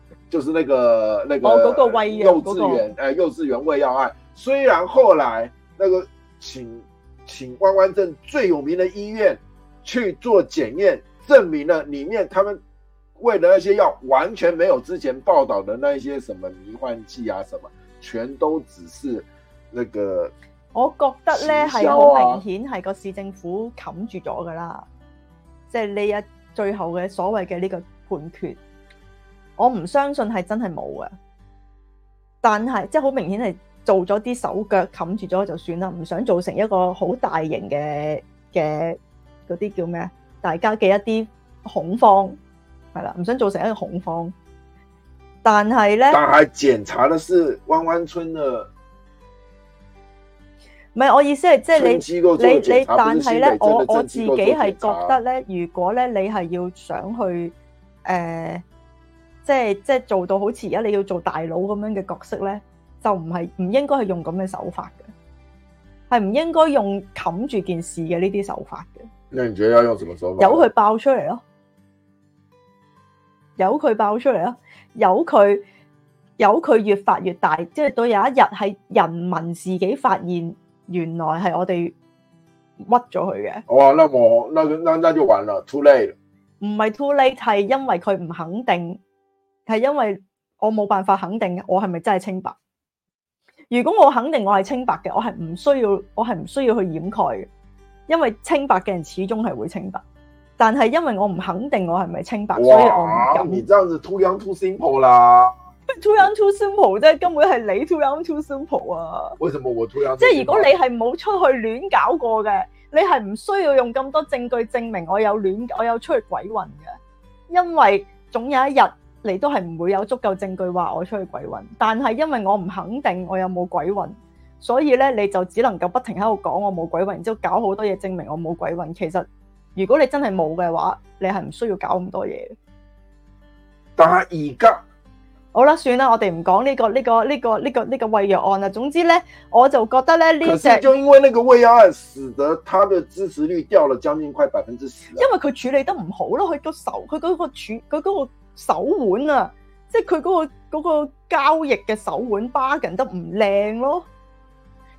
S1: 就是那個那個幼稚園，誒幼稚園胃藥案，雖然後來那個請請灣灣鎮最有名的醫院去做檢驗，證明了裡面他們餵的那些藥完全沒有之前報道的那些什麼迷幻劑啊，什麼全都只是那個、
S2: 啊，我覺得呢，係好明顯係個市政府冚住咗噶啦，即、就、係、是、你呀最後嘅所謂嘅呢個判決。我唔相信係真係冇嘅，但係即係好明顯係做咗啲手腳，冚住咗就算啦，唔想造成一個好大型嘅嘅嗰啲叫咩？大家嘅一啲恐慌係啦，唔想造成一個恐慌。但係咧，但係
S1: 檢查的是灣灣村嘅，
S2: 唔係我意思係即係你機構做檢查咧，我我自己係覺得咧，如果咧你係要想去誒。呃即係即係做到好似而家你要做大佬咁樣嘅角色咧，就唔係唔應該係用咁嘅手法嘅，係唔應該用冚住件事嘅呢啲手法嘅。
S1: 那你覺得要用什麼手法？由佢
S2: 爆出嚟咯，由佢爆出嚟咯，由佢由佢越發越大，即係到有一日係人民自己發現，原來係我哋屈咗佢嘅。哇，oh！
S1: 那麼那那那就完了，too late。
S2: 唔係 too late，係因為佢唔肯定。係因為我冇辦法肯定我係咪真係清白。如果我肯定我係清白嘅，我係唔需要我係唔需要去掩蓋嘅。因為清白嘅人始終係會清白。但係因為我唔肯定我係咪清白，哇所以我唔敢。你
S1: 這樣子 too young too simple 啦
S2: too young too simple，即係根本係你 too young too simple 啊。
S1: 為什麼我 too young？即係如果你係
S2: 冇出去亂搞過嘅，你係唔需要用咁多證據證明我有亂，我有出去鬼混嘅。因為總有一日。你都係唔會有足夠證據話我出去鬼混，但係因為我唔肯定我有冇鬼混，所以咧，你就只能夠不停喺度講我冇鬼混，然之後搞好多嘢證明我冇鬼混。其實如果你真係冇嘅話，你係唔需要搞咁多嘢。但係而家好啦，算啦，我哋唔講呢個呢、呢個呢、呢個呢、呢個呢、呢個胃藥案啦。總之咧，我就覺得咧呢隻就因為呢個胃藥案，使得他的支持率掉了將近快百分之十，因為佢處理得唔好咯，佢個手佢嗰個處佢、嗰個。手腕啊，即係佢嗰個、嗰個交易嘅手腕，bargain 得唔靚咯？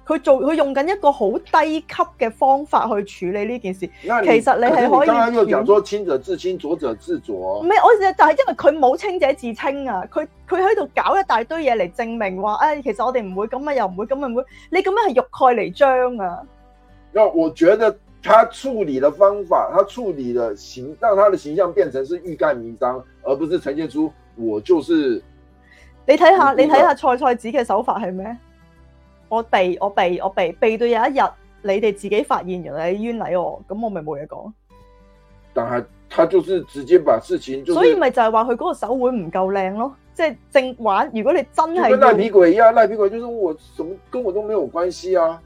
S2: 佢做佢用緊一個好低級嘅方法去處理呢件事。你其實你係可以。我哋剛才又講
S1: 說，清者自清，濁者自濁。唔係，
S2: 我其實就係因為佢冇清者自清啊，佢佢喺度搞一大堆嘢嚟證明話，誒、哎，其實我哋唔會咁啊，又唔會咁啊，唔會。你咁樣係欲蓋彌彰啊！因
S1: 為我覺得他處理嘅方法，他處理嘅形，讓他的形象變成是欲蓋彌彰。而不是呈現出我就是
S2: 你睇下，你睇下蔡蔡子嘅手法係咩？我避我避我避，避到有一日你哋自己發現原來冤枉我，咁我咪冇嘢講。
S1: 但係他就是直接把事情、就是，所以咪
S2: 就係話佢嗰個手腕唔夠靚咯，即、就、係、是、正玩。如果你真係，你跟賴皮
S1: 鬼一、啊、樣，賴皮鬼就是我，什麼
S2: 跟我都沒有關係啊。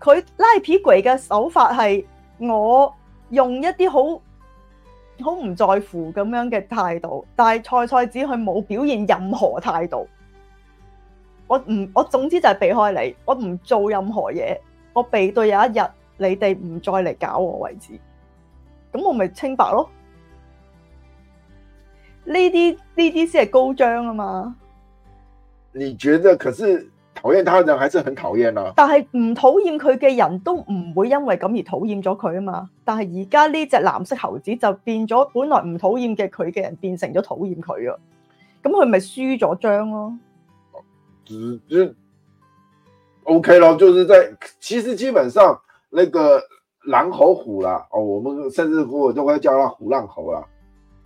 S2: 佢賴皮鬼嘅手法係我用一啲好。好唔在乎咁樣嘅態度，但係蔡蔡子佢冇表現任何態度。我唔，我總之就係避開你，我唔做任何嘢，我避到有一日你哋唔再嚟搞我為止。咁我咪清白咯。呢啲呢啲先係高張啊嘛。你覺得？
S1: 可是。討厭他人還是很討厭啊，
S2: 但係唔討厭佢嘅人都唔會因為咁而討厭咗佢啊嘛。但係而家呢隻藍色猴子就變咗，本來唔討厭嘅佢嘅人變成咗討厭佢啊，咁佢咪輸咗張咯。
S1: 哦。嗯，O K 咯，就是在其實基本上，那個狼猴虎啦，哦，我們甚至乎我都會叫佢虎浪猴啦，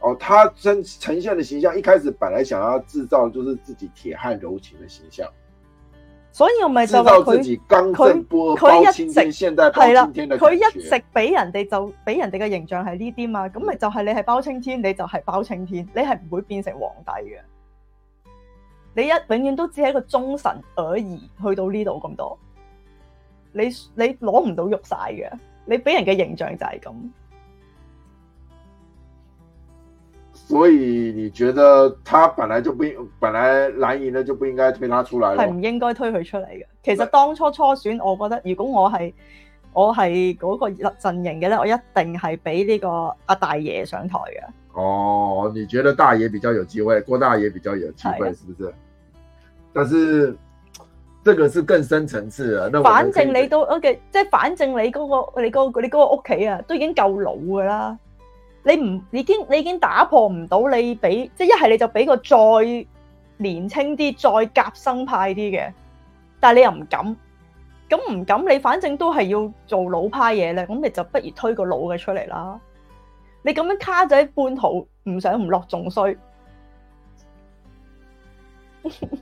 S1: 哦，他真呈，呈現的形象，一開始本來想要製造就是自己鐵漢柔情的形象。所以我咪就係佢，佢一直
S2: 係啦，佢一直俾人哋就俾人哋嘅形象係呢啲嘛，咁咪就係你係包青天，你就係包青天，你係唔會變成皇帝嘅，你一永遠都只係一個忠臣而已，去到呢度咁多，你你攞唔到肉晒嘅，你俾人嘅形象就係咁。
S1: 所以你覺得他本來就不應，本來藍營就不應該推他出來咯？係唔
S2: 應該推佢出嚟嘅。其實當初初選，我覺得如果我係我係嗰個陣營嘅咧，我一定係俾呢個阿大爺上台嘅。
S1: 哦，你覺得大爺比較有機會，郭大爺比較有機會，是啊、是不是？但是，這個是更深層次啊。反正你
S2: 都 OK，即係反正你嗰個、你嗰個、你嗰個屋企啊，都已經夠老噶啦。你唔，你已經你已經打破唔到你俾，即係一係你就俾個再年輕啲、再革新派啲嘅，但係你又唔敢，咁唔敢，你反正都係要做老派嘢咧，咁你就不如推個老嘅出嚟啦。你咁樣卡仔半途，唔上唔落，仲衰。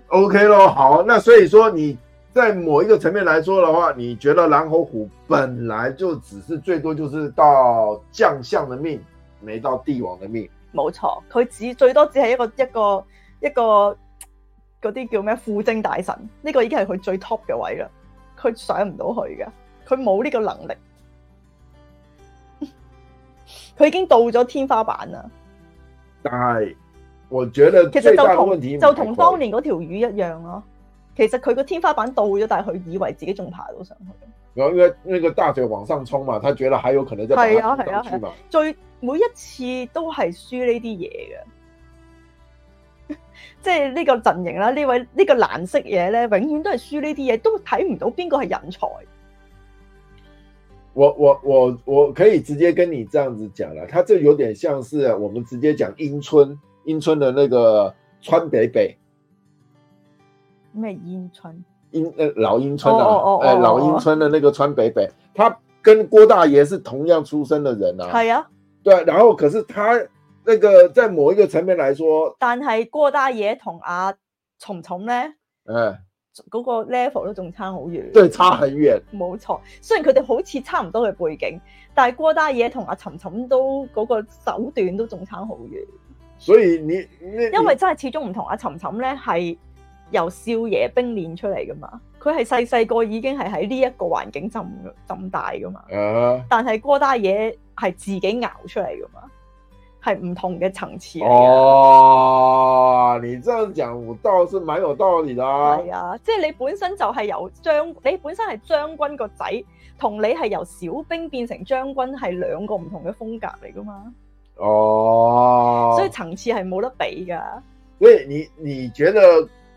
S1: O K 咯，好，那所以說你在某一個層面來說嘅話，你覺得狼侯虎本來就只是最多就是到將相嘅命。你到帝王嘅面，
S2: 冇錯，佢只最多只係一個一個一個嗰啲叫咩輔政大臣，呢、呢個已經係佢最 top 嘅位啦，佢上唔到去嘅，佢冇呢個能力，佢 已經到咗天花板啦。
S1: 但係我覺得的是其實就同就同當
S2: 年嗰條魚一樣咯，其實佢個天花板到咗，但係佢以為自己仲爬到上去。
S1: 然後因為那個大腿往上衝嘛，他覺得還有可能再打翻上去嘛。啊啊啊
S2: 啊，最每一次都係輸、 啊這個，呢啲嘢嘅，即係呢個陣營啦，呢位呢個藍色嘢咧，永遠都係輸呢啲嘢，都睇唔到邊個係人才。
S1: 我我我我可以直接跟你這樣子講啦，他就有點像是我們直接講英春，英春的那個川北北
S2: 咩英春。
S1: 鷹老英村嘅，誒，老英村嘅，那個川北北，他跟郭大爺是同樣出身的人啊。係啊。對，然後可是他那個在某一個層面來說，
S2: 但係郭大爺同阿尋尋咧，誒、哎，嗰個 level 都仲差好遠。對，差很遠。冇錯，雖然佢哋好似差唔多嘅背景，但係郭大爺同阿尋尋都嗰、那個手段都仲差好遠。所以你，你因為真係始終唔同阿尋尋咧係。由少爺兵練出嚟噶嘛？佢係細細個已經係喺呢一個環境浸浸大噶嘛？但係郭大嘢係自己熬出嚟噶嘛？係唔同嘅層次嚟。哦，
S1: 你這樣講，我倒是蠻有道理啦、啊。係啊，
S2: 即係你本身就係由將，你本身係將軍個仔，同你係由小兵變成將軍係兩個唔同嘅風格嚟噶嘛？
S1: 哦，所以
S2: 層次係冇得比噶。
S1: 所以你你覺得？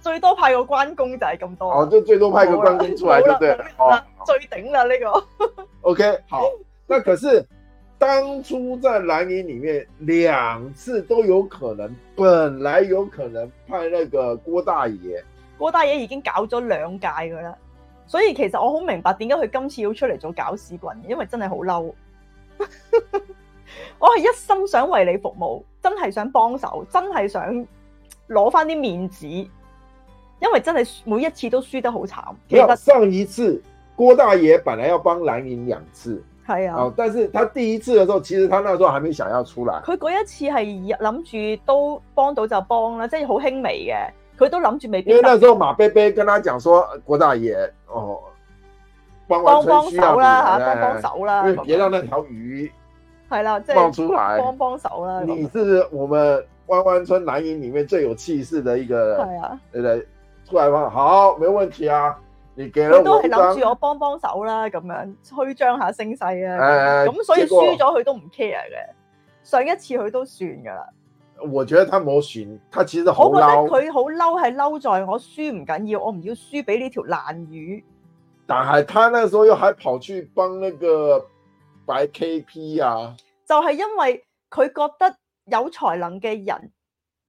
S2: 最多派個關公就係咁多，哦，就最多派個關公出來就對，對不對？最頂啦呢個。
S1: OK，好。但 可是當初在藍營裡面兩次都有可能，本來有可能派那個郭大爺，
S2: 郭大爺已經搞咗兩屆噶啦，所以其實我好明白點解佢今次要出嚟做搞屎棍，因為真係好嬲。 我係一心想為你服務，真係想幫手，真係想攞翻啲面子。因為真係每一次都輸得好慘。其實
S1: 上一次郭大爺本來要幫藍營兩次，係啊，但是他第一次的時候，其實他那時候還沒想要出來。佢
S2: 嗰一次係諗住都幫到就幫啦，即係好輕微嘅，佢都諗住未必。因為那時候馬
S1: 伯伯跟他講說，郭、嗯、大爺哦，幫幫手啦吓，幫、啊、幫手啦，別讓那條魚
S2: 係啦，即係放出來幫幫手啦。你
S1: 是我們灣灣村藍營裏面最有氣勢的一個，係啊，出嚟好，冇問題啊！你都係諗住我
S2: 幫幫手啦，咁樣虛張下聲勢啊！咁、哎、呀所以輸咗佢都唔 care 嘅，果上一次佢都算噶啦。
S1: 我覺得他冇算，他其實我覺得佢
S2: 好嬲，係嬲在我輸唔緊要，我唔要輸俾呢條爛魚。
S1: 但係他那時候又還跑去幫那個白 KP 啊，
S2: 就係因為佢覺得有才能嘅人。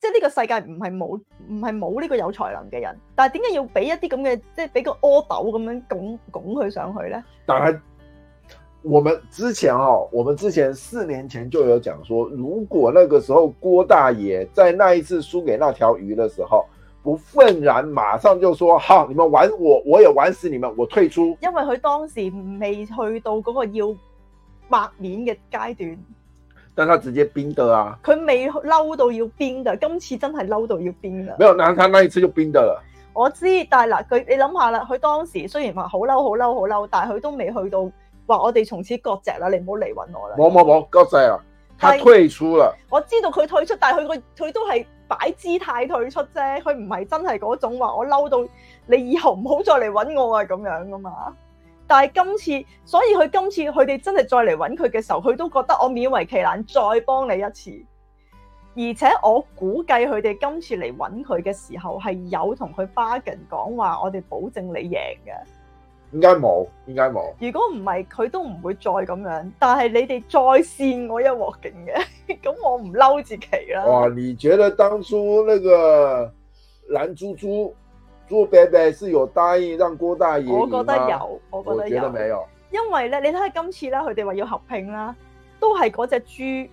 S2: 即係呢個世界唔係冇唔係冇呢個有才能嘅人，但係點解要俾一啲咁嘅即係俾個阿斗咁樣拱拱佢上去咧？
S1: 但係我們之前哦，我們之前四年前就有講說，如果那個時候郭大爺在那一次輸給那條魚的時候，不憤然馬上就說：好你們玩我，我也玩死你們，我退出。
S2: 因為佢當時未去到嗰個要抹面嘅階段。
S1: 但他直接冰的啊！
S2: 佢未嬲到要冰的，今次真係嬲到要冰噶。沒有，那
S1: 他那一次就冰的了。
S2: 我知，但係嗱，佢你諗下啦，佢當時雖然話好嬲、好嬲、好嬲，但係佢都未去到話我哋從此割席啦，你唔好嚟搵我啦。
S1: 冇冇冇，割席啊！佢退出啦。
S2: 我知道佢退出，但係佢個佢都係擺姿態退出啫，佢唔係真係嗰種話我嬲到你以後唔好再嚟搵我啊咁樣噶嘛。但係今次，所以佢今次佢哋真係再嚟揾佢嘅時候，佢都覺得我勉為其難再幫你一次。而且我估計佢哋今次嚟揾佢嘅時候，係有同佢 bargain 講話，我哋保證你贏嘅。
S1: 應該冇？應該冇？
S2: 如果唔係，佢都唔會再咁樣。但係你哋再扇我一鑊勁嘅，咁我唔嬲至奇啦。哇！你
S1: 覺得當初那個藍豬豬？朱伯伯是有答應讓郭大爺，我覺得有，我覺得有，
S2: 因為咧，你睇下今次啦，佢哋話要合拼啦，都係嗰隻豬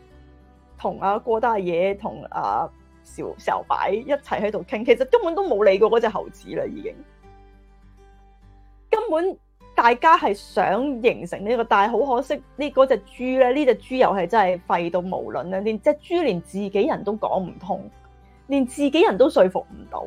S2: 同阿郭大爺同阿小白一齊喺度傾，其實根本都冇理過嗰隻猴子啦，已經根本大家係想形成呢個，但係好可惜呢隻豬呢隻豬咧，呢隻豬又係真係廢到冇卵啦，連隻豬連自己人都講唔通，連自己人都說服唔到。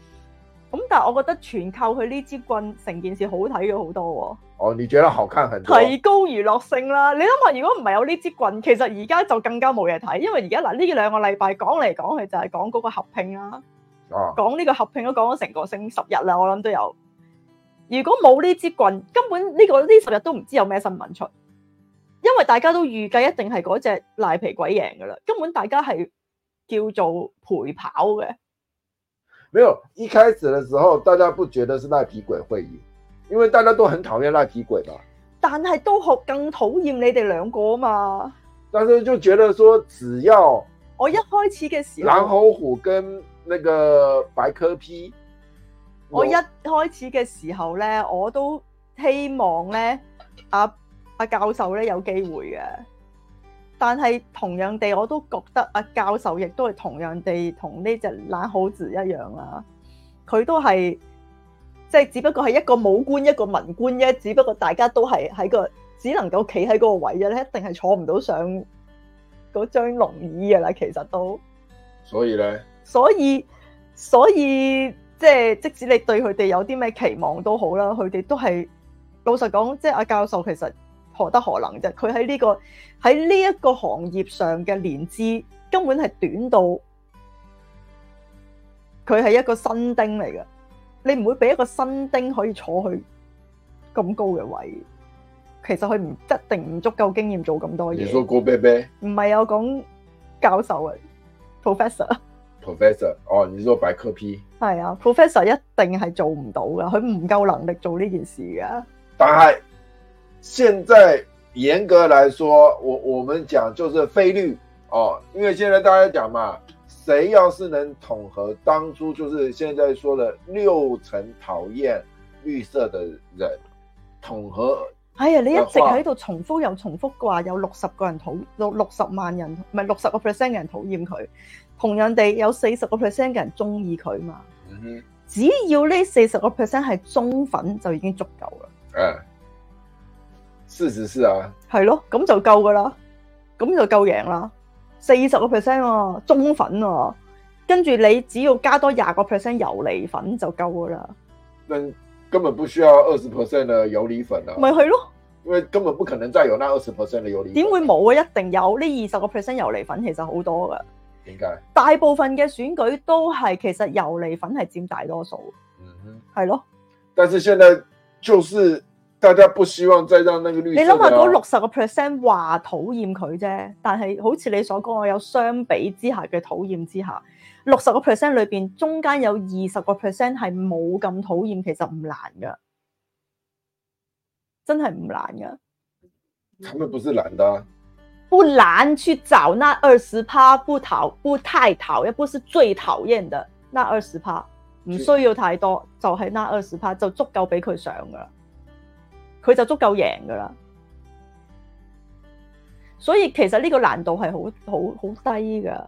S2: 咁但係我覺得全靠佢呢支棍，成件事好睇咗好多喎、
S1: 啊。哦，你覺得好看很多？提
S2: 高娛樂性啦！你諗下，如果唔係有呢支棍，其實而家就更加冇嘢睇，因為而家嗱呢兩個禮拜講嚟講去就係講嗰個合拼啦、啊，講呢、哦、個合拼都講咗成個星十日啦，我諗都有。如果冇呢支棍，根本呢、這個呢十日都唔知有咩新聞出，因為大家都預計一定係嗰隻賴皮鬼贏噶啦，根本大家係叫做陪跑嘅。
S1: 沒有，一開始的時候，大家不覺得是賴皮鬼會贏，因為大家都很討厭賴皮鬼嘛。
S2: 但係都好更討厭你哋兩個嘛。
S1: 但是就覺得說，只要
S2: 我一開始嘅時候，藍侯
S1: 虎跟那個白柯 P，我一
S2: 開始嘅時候呢，我都希望呢，阿、啊、阿、啊、教授呢，有機會嘅。但係同樣地，我都覺得阿教授亦都係同樣地同呢隻冷好字一樣啦。佢都係即係，就是、只不過係一個武官，一個文官啫。只不過大家都係喺個只能夠企喺嗰個位啫，咧一定係坐唔到上嗰張龍椅嘅啦。其實都所以咧，所以所以即係即使你對佢哋有啲咩期望都好啦，佢哋都係老實講，即係阿教授其實。覺得可能啫？佢喺呢個喺呢一個行業上嘅年資根本係短到，佢係一個新丁嚟噶。你唔會俾一個新丁可以坐去咁高嘅位。其實佢唔一定唔足夠經驗做咁多嘢。你說郭貝貝？唔係有講教授啊，professor。
S1: professor，哦，你說百科 P？
S2: 係啊，professor 一定係做唔到噶，佢唔夠能力做呢件事噶。
S1: 但係。現在嚴格來說，我我們講就是非綠哦，因為現在大家講嘛，誰要是能統合當初就是現在說的六成討厭綠色的人，統合，
S2: 哎呀，你一直喺度重複又重複嘅話，有六十個人討六六十萬人，唔係六十個 percent 嘅人討厭佢，同樣地有四十個 percent 嘅人中意佢嘛，嗯、哼只要呢四十個 percent 係中粉就已經足夠啦，誒、哎。
S1: 四十四啊，
S2: 係咯，咁就夠噶啦，咁就夠贏啦，四十個 percent 啊，中粉啊，跟住你只要加多廿個 percent 油泥粉就夠噶啦，
S1: 根根本不需要二十 percent 嘅油泥粉啦、啊，咪去咯，因為根本不可能再有那二十 percent 嘅油泥，點
S2: 會冇啊？一定有呢二十個 percent 油泥粉，其實好多噶，點解該？大部分嘅選舉都係其實油泥粉係佔大多數，嗯
S1: 哼，係咯，但是現在就是。大家不希望再讓那個律、啊、你諗下嗰六
S2: 十個 percent 話討厭佢啫，但係好似你所講我有相比之下嘅討厭之下，六十個 percent 裏邊中間有二十個 percent 係冇咁討厭，其實唔難噶，真係唔難噶。
S1: 他們不是難不懶得？
S2: 不難去找那二十趴不討不太討一般是最討厭的那二十趴，唔需要太多，是就係那二十趴就足夠俾佢上噶。佢就足夠贏㗎喇，所以其實呢個難度係好好好低㗎。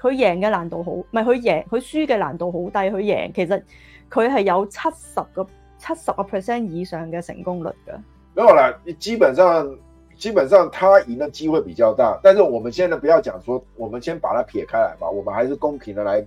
S2: 佢贏嘅難度好，唔係佢贏佢輸嘅難度好低。佢贏其實佢係有七十個七十個 percent 以上嘅成功率㗎。冇
S1: 啦，基本上基本上他贏嘅機會比較大，但是我們現在不要講說，說我們先把它撇開來吧，我們還是公平的來。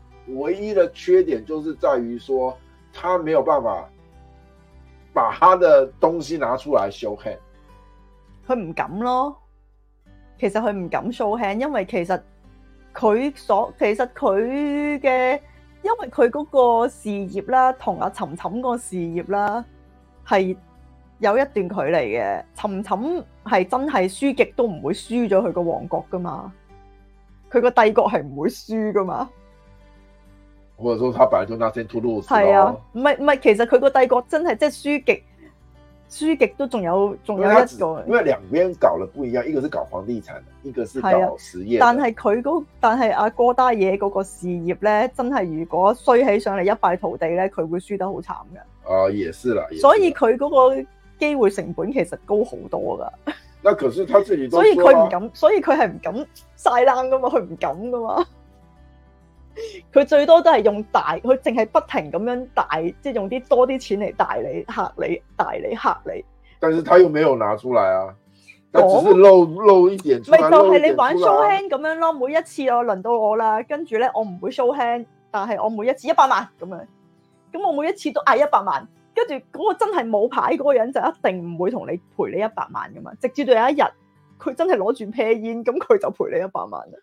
S1: 唯一的缺點就是在於說，他沒有辦法把他的東西拿出來 show hand，
S2: 佢唔敢咯。其實佢唔敢 show hand，因為其實佢所其實佢嘅，因為佢嗰個事業啦，同阿、啊、沉沉嗰個事業啦係有一段距離嘅。沉沉係真係輸極都唔會輸咗佢個王國噶嘛，佢個帝國係唔會輸噶嘛。
S1: 或者說他本來就 nothing to lose 咯，係啊，
S2: 唔係唔係，其實佢個帝國真係即係輸極輸極都仲有仲有一個，因
S1: 為兩邊搞得不一樣，一個是搞房地產，一個是搞實業、啊。但係
S2: 佢嗰但係阿哥大野嗰個事業咧，真係如果衰起上嚟一敗塗地咧，佢會輸得好慘噶。啊、呃，也是啦，是啦所以佢嗰個機會成本其實高好多噶。那可是他自己、啊，所以佢唔敢，所以佢係唔敢晒冷噶嘛，佢唔敢噶嘛。佢最多都係用大，佢淨係不停咁樣大，即係用啲多啲錢嚟大你吓你大你吓你。嚇你你
S1: 嚇你但係他又沒有拿出嚟啊？
S2: 說但只是露
S1: 露一點咪就係你玩,玩 show hand
S2: 咁樣咯，每一次我輪到我啦，跟住咧我唔會 show hand，但係我每一次一百萬咁樣，咁我每一次都嗌一百萬，跟住嗰個真係冇牌嗰個人就一定唔會同你賠你一百萬噶嘛，直至到有一日佢真係攞住啤煙，咁佢就賠你一百萬啦。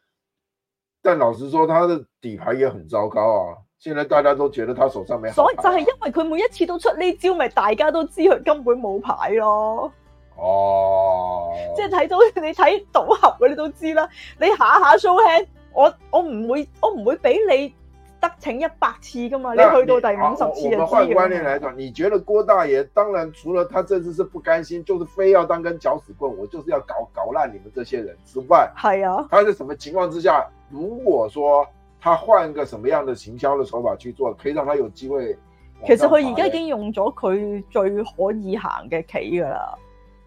S1: 但老實說，他的底牌也很糟糕啊！現在大家都覺得他手上沒好牌，啊、
S2: 所以就是因為佢每一次都出呢招，咪大家都知佢根本冇牌咯。哦、啊，即係睇到你睇賭俠嘅，你都知啦。你下下 show hand，我我唔會我唔會俾你得逞一百次噶嘛。你，你去到第五十次就，啊、我我換觀念嚟講，
S1: 你覺得郭大爺當然除了他這次是不甘心，就是非要當根攪屎棍，我就是要搞搞爛你們這些人之外，係啊，他在什麼情況之下？如果說他換個什麼樣的行銷的手法去做，可以讓他有機會。其實佢而家已經
S2: 用咗佢最可以行嘅企噶啦，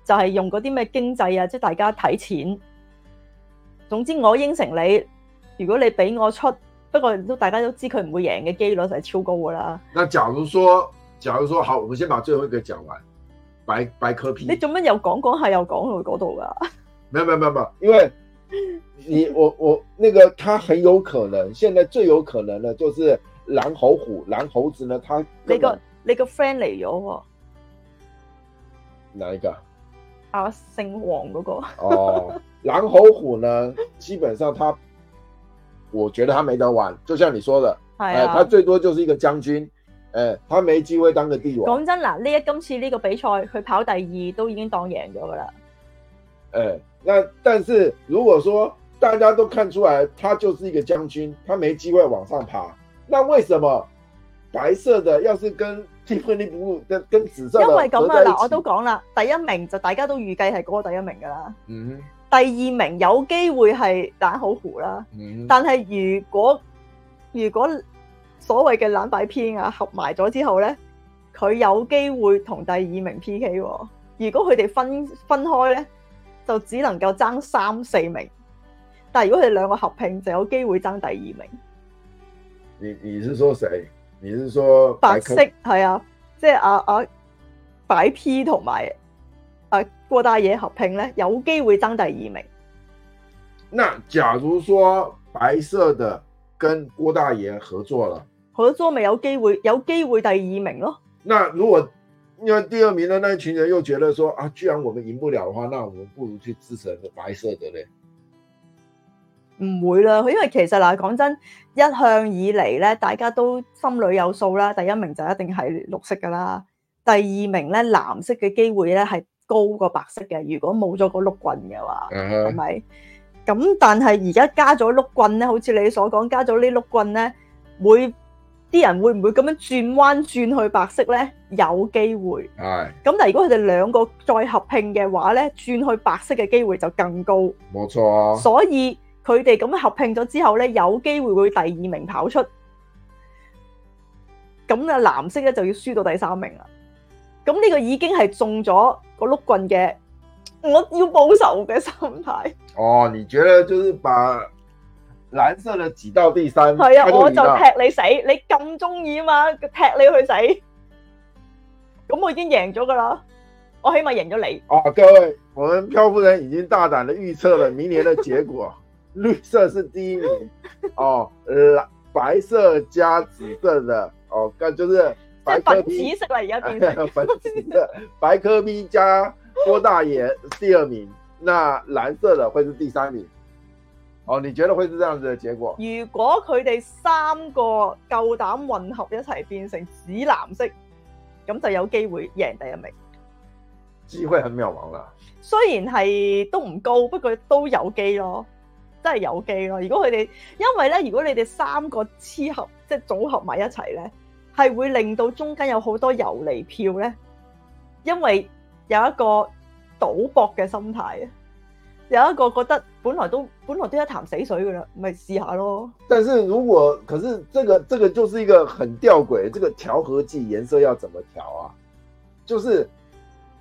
S2: 就係、是、用嗰啲咩經濟啊，即係大家睇錢。總之，我應承你，如果你俾我出，不過都大家都知佢唔會贏嘅幾率係超高噶啦。
S1: 那假如說，假如說好，我們先把最後一個講完，白白柯 P。你
S2: 做乜又講講下又講去嗰度噶？
S1: 明唔明？明唔明？因為。你我我，那個他很有可能，現在最有可能的就是藍猴虎藍猴子呢，他那個
S2: 那個 friend 嚟咗、
S1: 哦，哪一個
S2: 啊姓王嗰、那個 哦，
S1: 藍猴虎呢，基本上他我覺得他沒得玩，就像你說的， 哎、他最多就是一個將軍，哎、他沒機會當個帝王。講
S2: 真嗱，呢一次呢個比賽佢跑第二都已經當贏咗噶啦，
S1: 哎那但是如果說大家都看出來，他就是一個將軍，他沒機會往上爬。那為什麼白色的要是跟 t i f f 金富力不跟跟紫色？因為咁啊，嗱，我都
S2: 講啦，第一名就大家都預計係嗰個第一名噶啦。嗯哼，第二名有機會係蛋好糊啦。嗯、哼但係如果如果所謂嘅藍白配啊合埋咗之後咧，佢有機會同第二名 P K、哦。如果佢哋分分開咧？就只能夠爭三四名，但係如果佢哋兩個合拼，就有機會爭第二名。
S1: 你你是說誰？你是說白，白色
S2: 係啊？即係啊啊，擺 P 同埋阿郭大爺合拼咧，有機會爭第二名。
S1: 那假如說白色嘅跟郭大爺合作了，
S2: 合作咪有機會有機會第二名咯。
S1: 那如果？因為第二名的那一群人又覺得說啊，既然我們贏不了的話，那我們不如去支持白色的咧。
S2: 唔會啦，因為其實嗱，講真，一向以嚟咧，大家都心裏有數啦。第一名就一定係綠色噶啦，第二名咧，藍色嘅機會咧係高過白色嘅。如果冇咗個碌棍嘅話，係咪？咁但係而家加咗碌棍咧，好似你所講，加咗呢碌棍咧，每啲人會唔會咁樣轉彎轉去白色咧？有機會。係。咁但係如果佢哋兩個再合併嘅話咧，轉去白色嘅機會就更高。
S1: 冇錯啊。所
S2: 以佢哋咁樣合併咗之後咧，有機會會第二名跑出。咁啊，藍色咧就要輸到第三名啦。咁呢個已經係中咗個碌棍嘅，我要報仇嘅心態。
S1: 哦，你覺得就係白。藍色的擠到第三，係啊，我就踢
S2: 你死，啊、你咁中意嘛，踢你去死，咁我已經贏咗㗎喇，我起碼贏咗你。
S1: 哦，各位，我們漂夫人已經大膽的預測了明年的結果， 綠色是第一名，哦，藍白色加紫色的，哦，咁就是粉紫色，而家變成粉紫色，白柯 P 加郭大爺第二名，那藍色的會是第三名。哦，你覺得會是這樣子的結果？
S2: 如果佢哋三個夠膽混合一齊變成紫藍色，咁就有機會贏第一名。
S1: 機會很渺茫講啦。
S2: 雖然係都唔高，不過都有機咯，真係有機咯。如果佢哋因為咧，如果你哋三個黐合，即係組合埋一齊咧，係會令到中間有好多游離票咧，因為有一個賭博嘅心態啊。有一個覺得，本來都本來都一潭死水噶啦，咪試下咯。
S1: 但是如果，可是，這個這個就是一個很吊詭。這個調和劑顏色要怎麼調啊？就是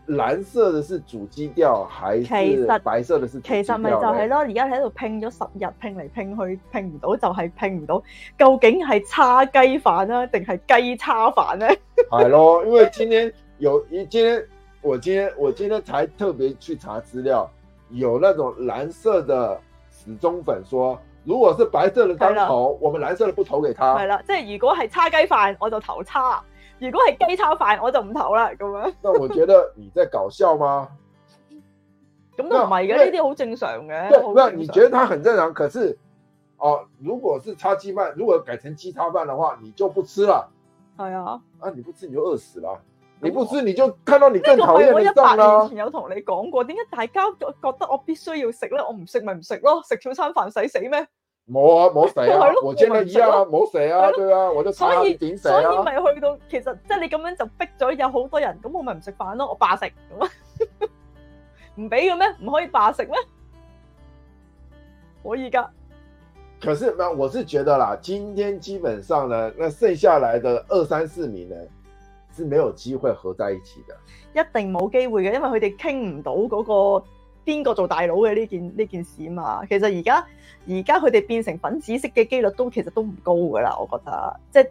S1: 藍色的是主基調，還是白色的是主基調，其實咪就係咯。
S2: 而家喺度拼咗十日，拼嚟拼去，拼唔到就係拼唔到。究竟係叉雞飯啦，定係雞叉飯呢？
S1: 係 咯，因為今天有，今天我今天我今天才特別去查資料。有那種藍色的死忠粉說，如果是白色的當頭了我們藍色的不投給他。係啦，
S2: 即係如果係叉雞飯，我就投叉；如果係雞叉飯，我就唔投啦。咁樣。那我覺
S1: 得你在搞笑嗎？
S2: 咁 都唔係嘅，呢啲好正常嘅。對常
S1: 你覺得他很正常，可是哦、呃，如果是叉雞飯，如果改成雞叉飯的話，你就不吃了。哎呀、啊，啊，你不吃你就餓死了。你不知，你就看到你更好嘅、啊、我一百年前
S2: 有同你講過，點解大家覺得我必須要食咧？我唔食咪唔食咯，食早餐飯使死咩？
S1: 冇啊，冇死，我驚你死啊，冇死啊，對，咯對啊，我都所以死、啊、所以咪
S2: 去到其實即係、就是、你咁樣就逼咗有好多人，咁我咪唔食飯咯，我罷食，唔俾嘅咩？唔可以罷食咩？可以㗎。
S1: 可是嗱，我是覺得啦，今天基本上呢，那剩下來的二三四名呢？是沒有機會合在一起的，
S2: 一定冇機會嘅，因為佢哋傾唔到嗰個邊個做大佬嘅呢件呢件事嘛。其實而家而家佢哋變成粉紫色嘅幾率都其實都唔高噶啦。我覺得即係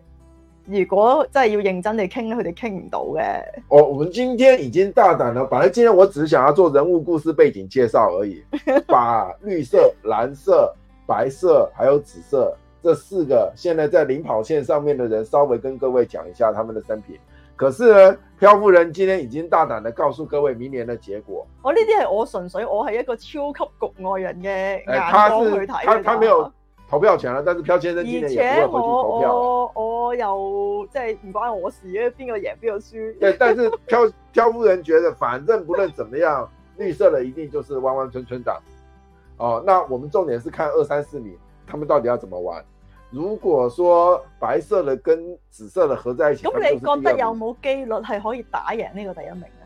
S2: 如果真係要認真地傾咧，佢哋傾唔到嘅。
S1: 哦，我們今天已經大膽啦，反正今天我只是想要做人物故事背景介紹而已，把綠色、藍色、白色還有紫色這四個現在在領跑線上面的人，稍微跟各位講一下他們的生平。可是呢，漂夫人今天已經大膽的告訴各位，明年的結果。
S2: 我呢啲係我純粹，我是一個超級局外人嘅眼光去睇。佢佢佢沒有
S1: 投票權啦，但是漂先生今年也不會回去投票。我
S2: 我我又即、就是、唔關我事嘅，邊個贏邊個輸。對
S1: 但是漂漂夫人覺得，反正不論怎麼樣，綠色的一定就是灣灣村村長。哦，那我們重點是看二三四名，他們到底要怎麼玩。如果說白色的跟紫色的合在一起，咁你覺得有
S2: 冇幾率係可以打贏呢個第一名咧？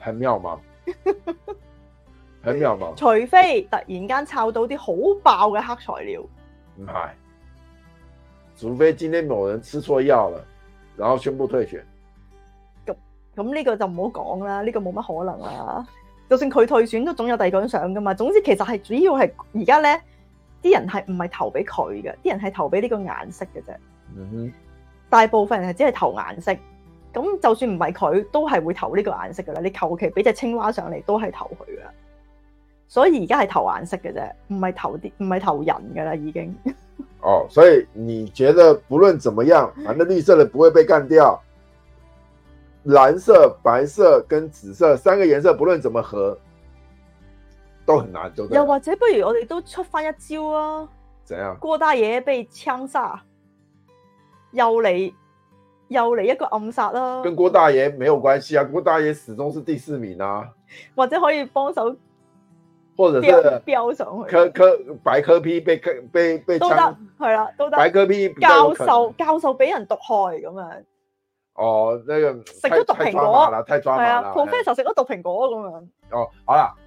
S1: 很渺茫， 很渺茫。除
S2: 非突然間炒到啲好爆嘅黑材料，
S1: 唔係，除非今天某人吃錯藥了，然後宣布退選。
S2: 咁咁呢個就唔好講啦，呢個冇乜可能啦。就算佢退選都總有第二個人上噶嘛。總之，其實係主要係而家咧。啲人係唔係投俾佢嘅，啲人係投俾呢個顏色嘅啫。嗯哼。大部分人係只係投顏色，咁就算唔係佢都係會投呢個顏色噶啦。你求其俾隻青蛙上嚟都係投佢噶。所以而家係投顏色嘅啫，唔係投啲唔係投人噶啦已經。
S1: 哦，所以你覺得不論怎麼樣，反正綠色嘅不會被幹掉， 藍色、白色跟紫色三個顏色不論怎麼合都很難做到。又
S2: 或者不如我哋都出翻一招啊！即係咋樣啊，郭大爺被槍殺，又嚟又嚟一個暗殺啦！跟郭
S1: 大爺沒有關係啊！郭大爺始終是第四名啊！
S2: 或者可以幫手，
S1: 或者飆上去，柯柯白柯 P 被被被槍，
S2: 係啦，都得白柯教授教授俾人毒害咁樣，
S1: 哦，呢個食咗毒蘋果啦，太抓馬啦！Professor
S2: 食咗毒蘋果咁樣，
S1: 哦，好啦。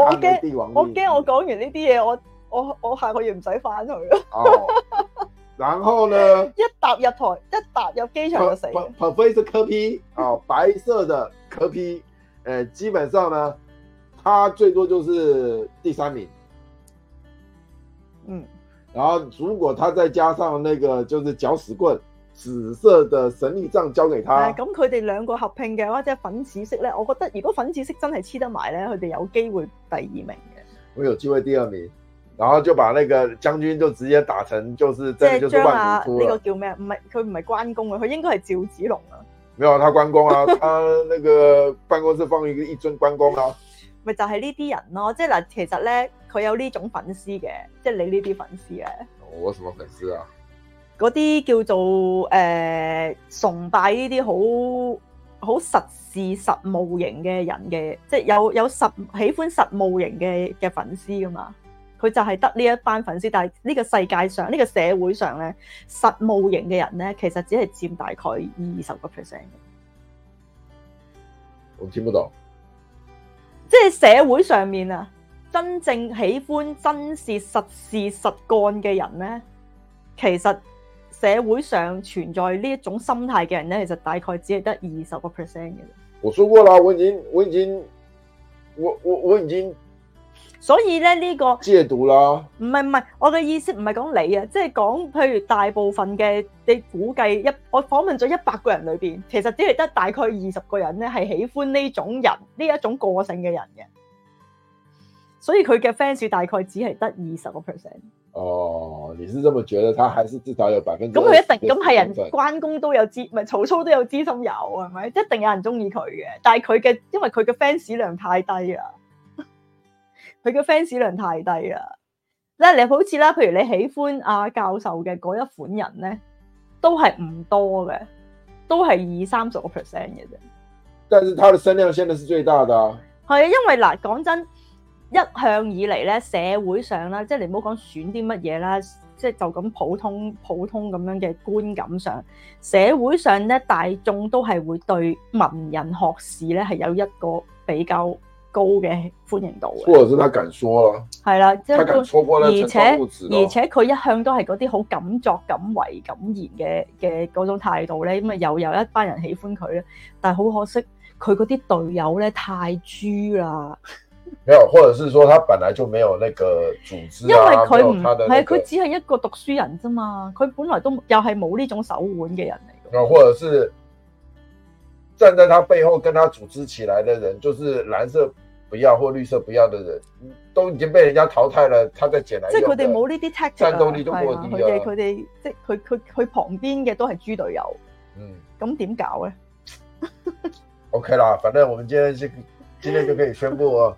S1: 我驚，我驚我
S2: 講完呢啲嘢，我我我下個月唔使翻去咯
S1: 哦。然後呢？一
S2: 踏入台，一踏入機
S1: 場就死了。Professor 科 P 啊，白色的科 P，誒，基本上呢，他最多就是第三名。嗯。然後如果他再加上那個就是攪屎棍。紫色的神力杖交給他，咁
S2: 佢哋兩個合拼嘅話，或者粉紫色咧，我覺得如果粉紫色真係黐得埋咧，佢哋有機會第二名嘅。
S1: 我有機會第二名，然後就把那個將軍就直接打成，就是就即係將啊呢個
S2: 叫咩唔係佢唔係關公啊，佢應該係趙子龍啊。
S1: 沒有，他關公啊，他那
S2: 個辦公室放一個一樽關公啊。咪 就係呢啲人咯，即係嗱，其實咧佢有呢種粉絲嘅，即係你呢啲粉絲嘅。
S1: 我什麼粉絲啊？
S2: 嗰啲叫做誒、呃、崇拜呢啲好好實事實務型嘅人嘅，即係有有實喜歡實務型嘅嘅粉絲㗎嘛？佢就係得呢一班粉絲，但係呢個世界上呢、呢個社會上咧，實務型嘅人咧，其實只係佔大概二十個 percent。我唔知乜噠，即係社會上面啊，真正喜歡真事實事實幹嘅人咧，其實。社會上存在呢一種心態嘅人咧，其實大概只係得二十個 percent 嘅。
S1: 我說過了，我已經，我已經，我我我
S2: 已經。所以咧、這個，呢個戒
S1: 毒啦。
S2: 唔係唔係，我嘅意思唔係講你啊，即係講，譬如大部分嘅，你估計一，我訪問咗一百個人裏邊，其實只係得大概二十個人咧係喜歡呢種人呢一種個性嘅人嘅，所以佢嘅 fans 大概只係得二十個 percent。
S1: 哦，你是這麼覺得，他還是至少有百分之咁佢一定咁係人關
S2: 公都有知，唔係曹操都有知心友，係咪？一定有人中意佢嘅，但係佢嘅因為佢嘅 fans 量太低啦，佢嘅 fans 量太低啦。嗱，你好似啦，譬如你喜歡阿、啊、教授嘅嗰一款人咧，都係唔多嘅，都係二三十個 percent 嘅啫。
S1: 但是他嘅聲量現在是最大的、啊，
S2: 係啊，因為嗱，講真。一向以嚟咧，社會上啦，即係你唔好講選啲乜嘢啦，即係就咁普通普通咁樣嘅觀感上，社會上咧，大眾都係會對文人學士咧係有一個比較高嘅歡迎度。或者是他敢說啦、啊，係啦的，即係錯過啦，而且而且佢一向都係嗰啲好敢作敢為敢言嘅嘅嗰種態度咧，咁啊又有一班人喜歡佢啦。但係好可惜佢嗰啲隊，佢嗰啲隊友咧太豬啦。
S1: 沒有，或者是說他本來就沒有那個組織、啊、因為他不沒有他的系、那、啊、個，佢
S2: 只係一個讀書人啫嘛，佢本來都又係冇呢種手腕嘅人嚟。
S1: 又或者是站在他背後跟他組織起來的人，就是藍色不要或綠色不要的人，都已經被人家淘汰啦、啊。他在撿來，即係佢哋冇呢
S2: 啲 text 戰鬥力都過低啊。佢哋即係佢佢佢旁邊嘅都係豬隊友。嗯，咁點搞咧
S1: ？OK 啦，反正我們今天先，今天就可以宣布啊。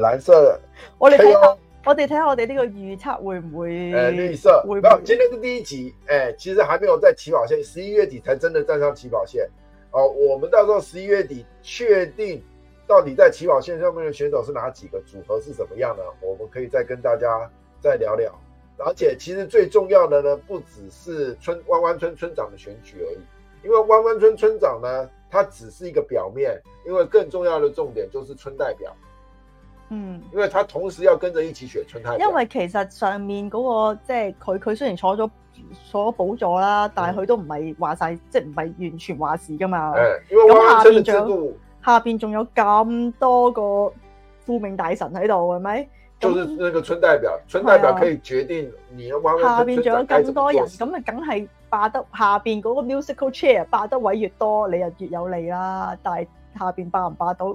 S1: 藍色的，
S2: 我哋睇下，我哋睇下我哋呢個預測會唔會？誒，綠色。會不會。咁，今
S1: 天是第一集，誒、欸，其實還沒有在起跑線，十一月底才真的站上起跑線。哦、呃，我們到時候十一月底確定到底在起跑線上面的選手是哪幾個組合是怎麼樣呢？我們可以再跟大家再聊聊。而且其實最重要的呢，不只是村彎彎村村長的選舉而已，因為灣灣村村長呢，它只是一個表面，因為更重要的重點就是村代表。嗯，因為他同時要跟着一起選村代表，嗯。因為
S2: 其實上面嗰、那個即係佢佢雖然坐咗坐咗寶座啦，但係佢都唔係話晒，嗯、即係唔係完全話事噶嘛。誒，咁下邊仲下邊仲有咁多個顧命大臣喺度，係咪？就
S1: 係呢個村代表，嗯、村代表可以決定你村下邊仲有咁多人，
S2: 咁啊，梗係霸得下邊嗰個 musical chair 霸得位越多，你又越有利啦。但係下邊霸唔霸到？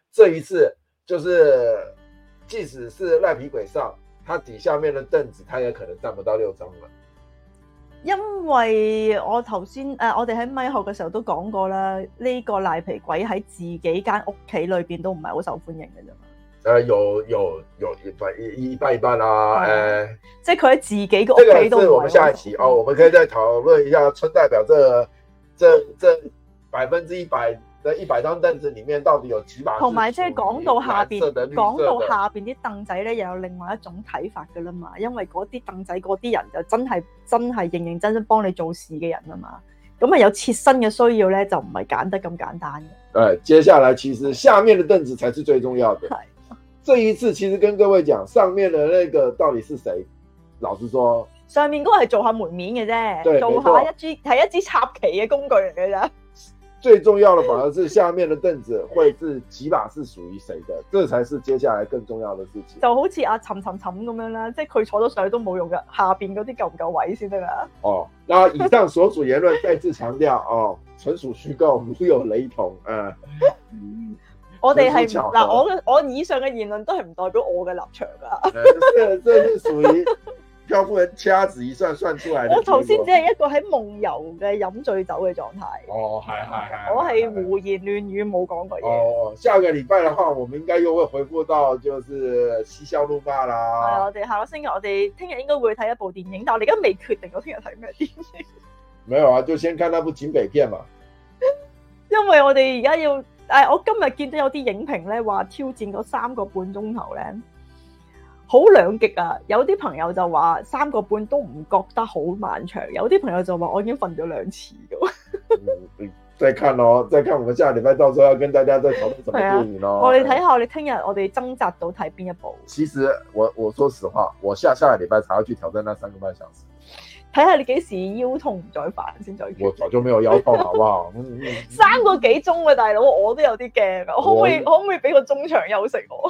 S1: 這一次，就是即使是賴皮鬼上，他底下面的凳子，他也可能站不到六張了。
S2: 因為我頭先誒，我哋喺咪學嘅時候都講過啦，呢、這個賴皮鬼喺自己間屋企裏邊都唔係好受歡迎嘅啫嘛。
S1: 誒，有有有，一半一半一半啦，誒、嗯，哎、即
S2: 係佢喺自己嘅屋企都是我們下
S1: 一期、啊、哦，我們可以再討論一下村代表這、嗯這，這這這百分之一百。一百張凳子裡面，到底有幾百？同埋即
S2: 係講到下邊，講到下邊啲凳仔咧，又有另外一種睇法噶啦嘛。因為嗰啲凳仔，嗰啲人就真係真係認認真真幫你做事嘅人啊嘛。咁啊，有切身嘅需要咧，就唔係揀得咁簡單
S1: 嘅。誒，接下來其實下面嘅凳子才是最重要嘅。係對，
S2: 這一次
S1: 其實跟各位講，上面嘅那個到底係誰？老實講，
S2: 上面嗰個係做下門面嘅啫，做一下一支係一支插旗嘅工具嚟嘅咋。
S1: 最重要的反而是下面的凳子，或是幾把是屬於誰的，這才是接下來更重要的事情。就
S2: 好似阿沉沉沉咁樣啦，即係佢坐咗上去都冇用噶下邊嗰啲夠唔夠位先得啊？
S1: 哦，那以上所述言論再次強調，哦，純屬虛構，如有雷同，誒、呃，
S2: 我哋係嗱，我嘅，我以上嘅言論都係唔代表我嘅立場
S1: 噶。漂夫人掐指一算，算出來的。我頭先只係一
S2: 個喺夢遊嘅飲醉酒嘅狀態。哦，係
S1: 係係。是我係胡言亂語，冇講過嘢。哦，下個禮拜嘅話，我們應該又會回復到就是嬉笑怒罵啦。係，我
S2: 哋下個星期，我哋聽日應該會睇一部電影，但係我哋而家未決定我聽日睇咩電影。
S1: 沒有啊，就先看那部警匪片嘛。
S2: 因為我哋而家要，誒、哎，我今日見到有啲影評咧話挑戰咗三個半鐘頭咧。好兩極啊！有啲朋友就話三個半都唔覺得好漫長，有啲朋友就話我已經瞓咗兩次㗎、 嗯。
S1: 再看咯、哦，再看，我哋下個禮拜到時候要跟大家再討論怎麼電影咯。我哋睇
S2: 下我哋聽日我哋掙扎到睇邊一部。
S1: 其實我，我說實話，我下下禮拜才要去挑戰那三個半小時。
S2: 睇下你幾時腰痛唔再犯先再。我早就沒有腰痛了好不
S1: 好？
S2: 三個幾鐘啊，大佬，我都有啲驚啊，我可唔可以我可唔可以俾個中場休息我？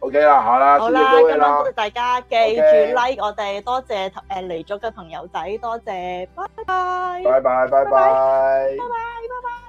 S1: O K 啦，okay、好啦，好啦！咁多謝大
S2: 家，記住 like 我哋，Okay 多謝誒嚟咗嘅朋友仔，多謝，拜，拜拜，拜拜，拜拜，拜拜。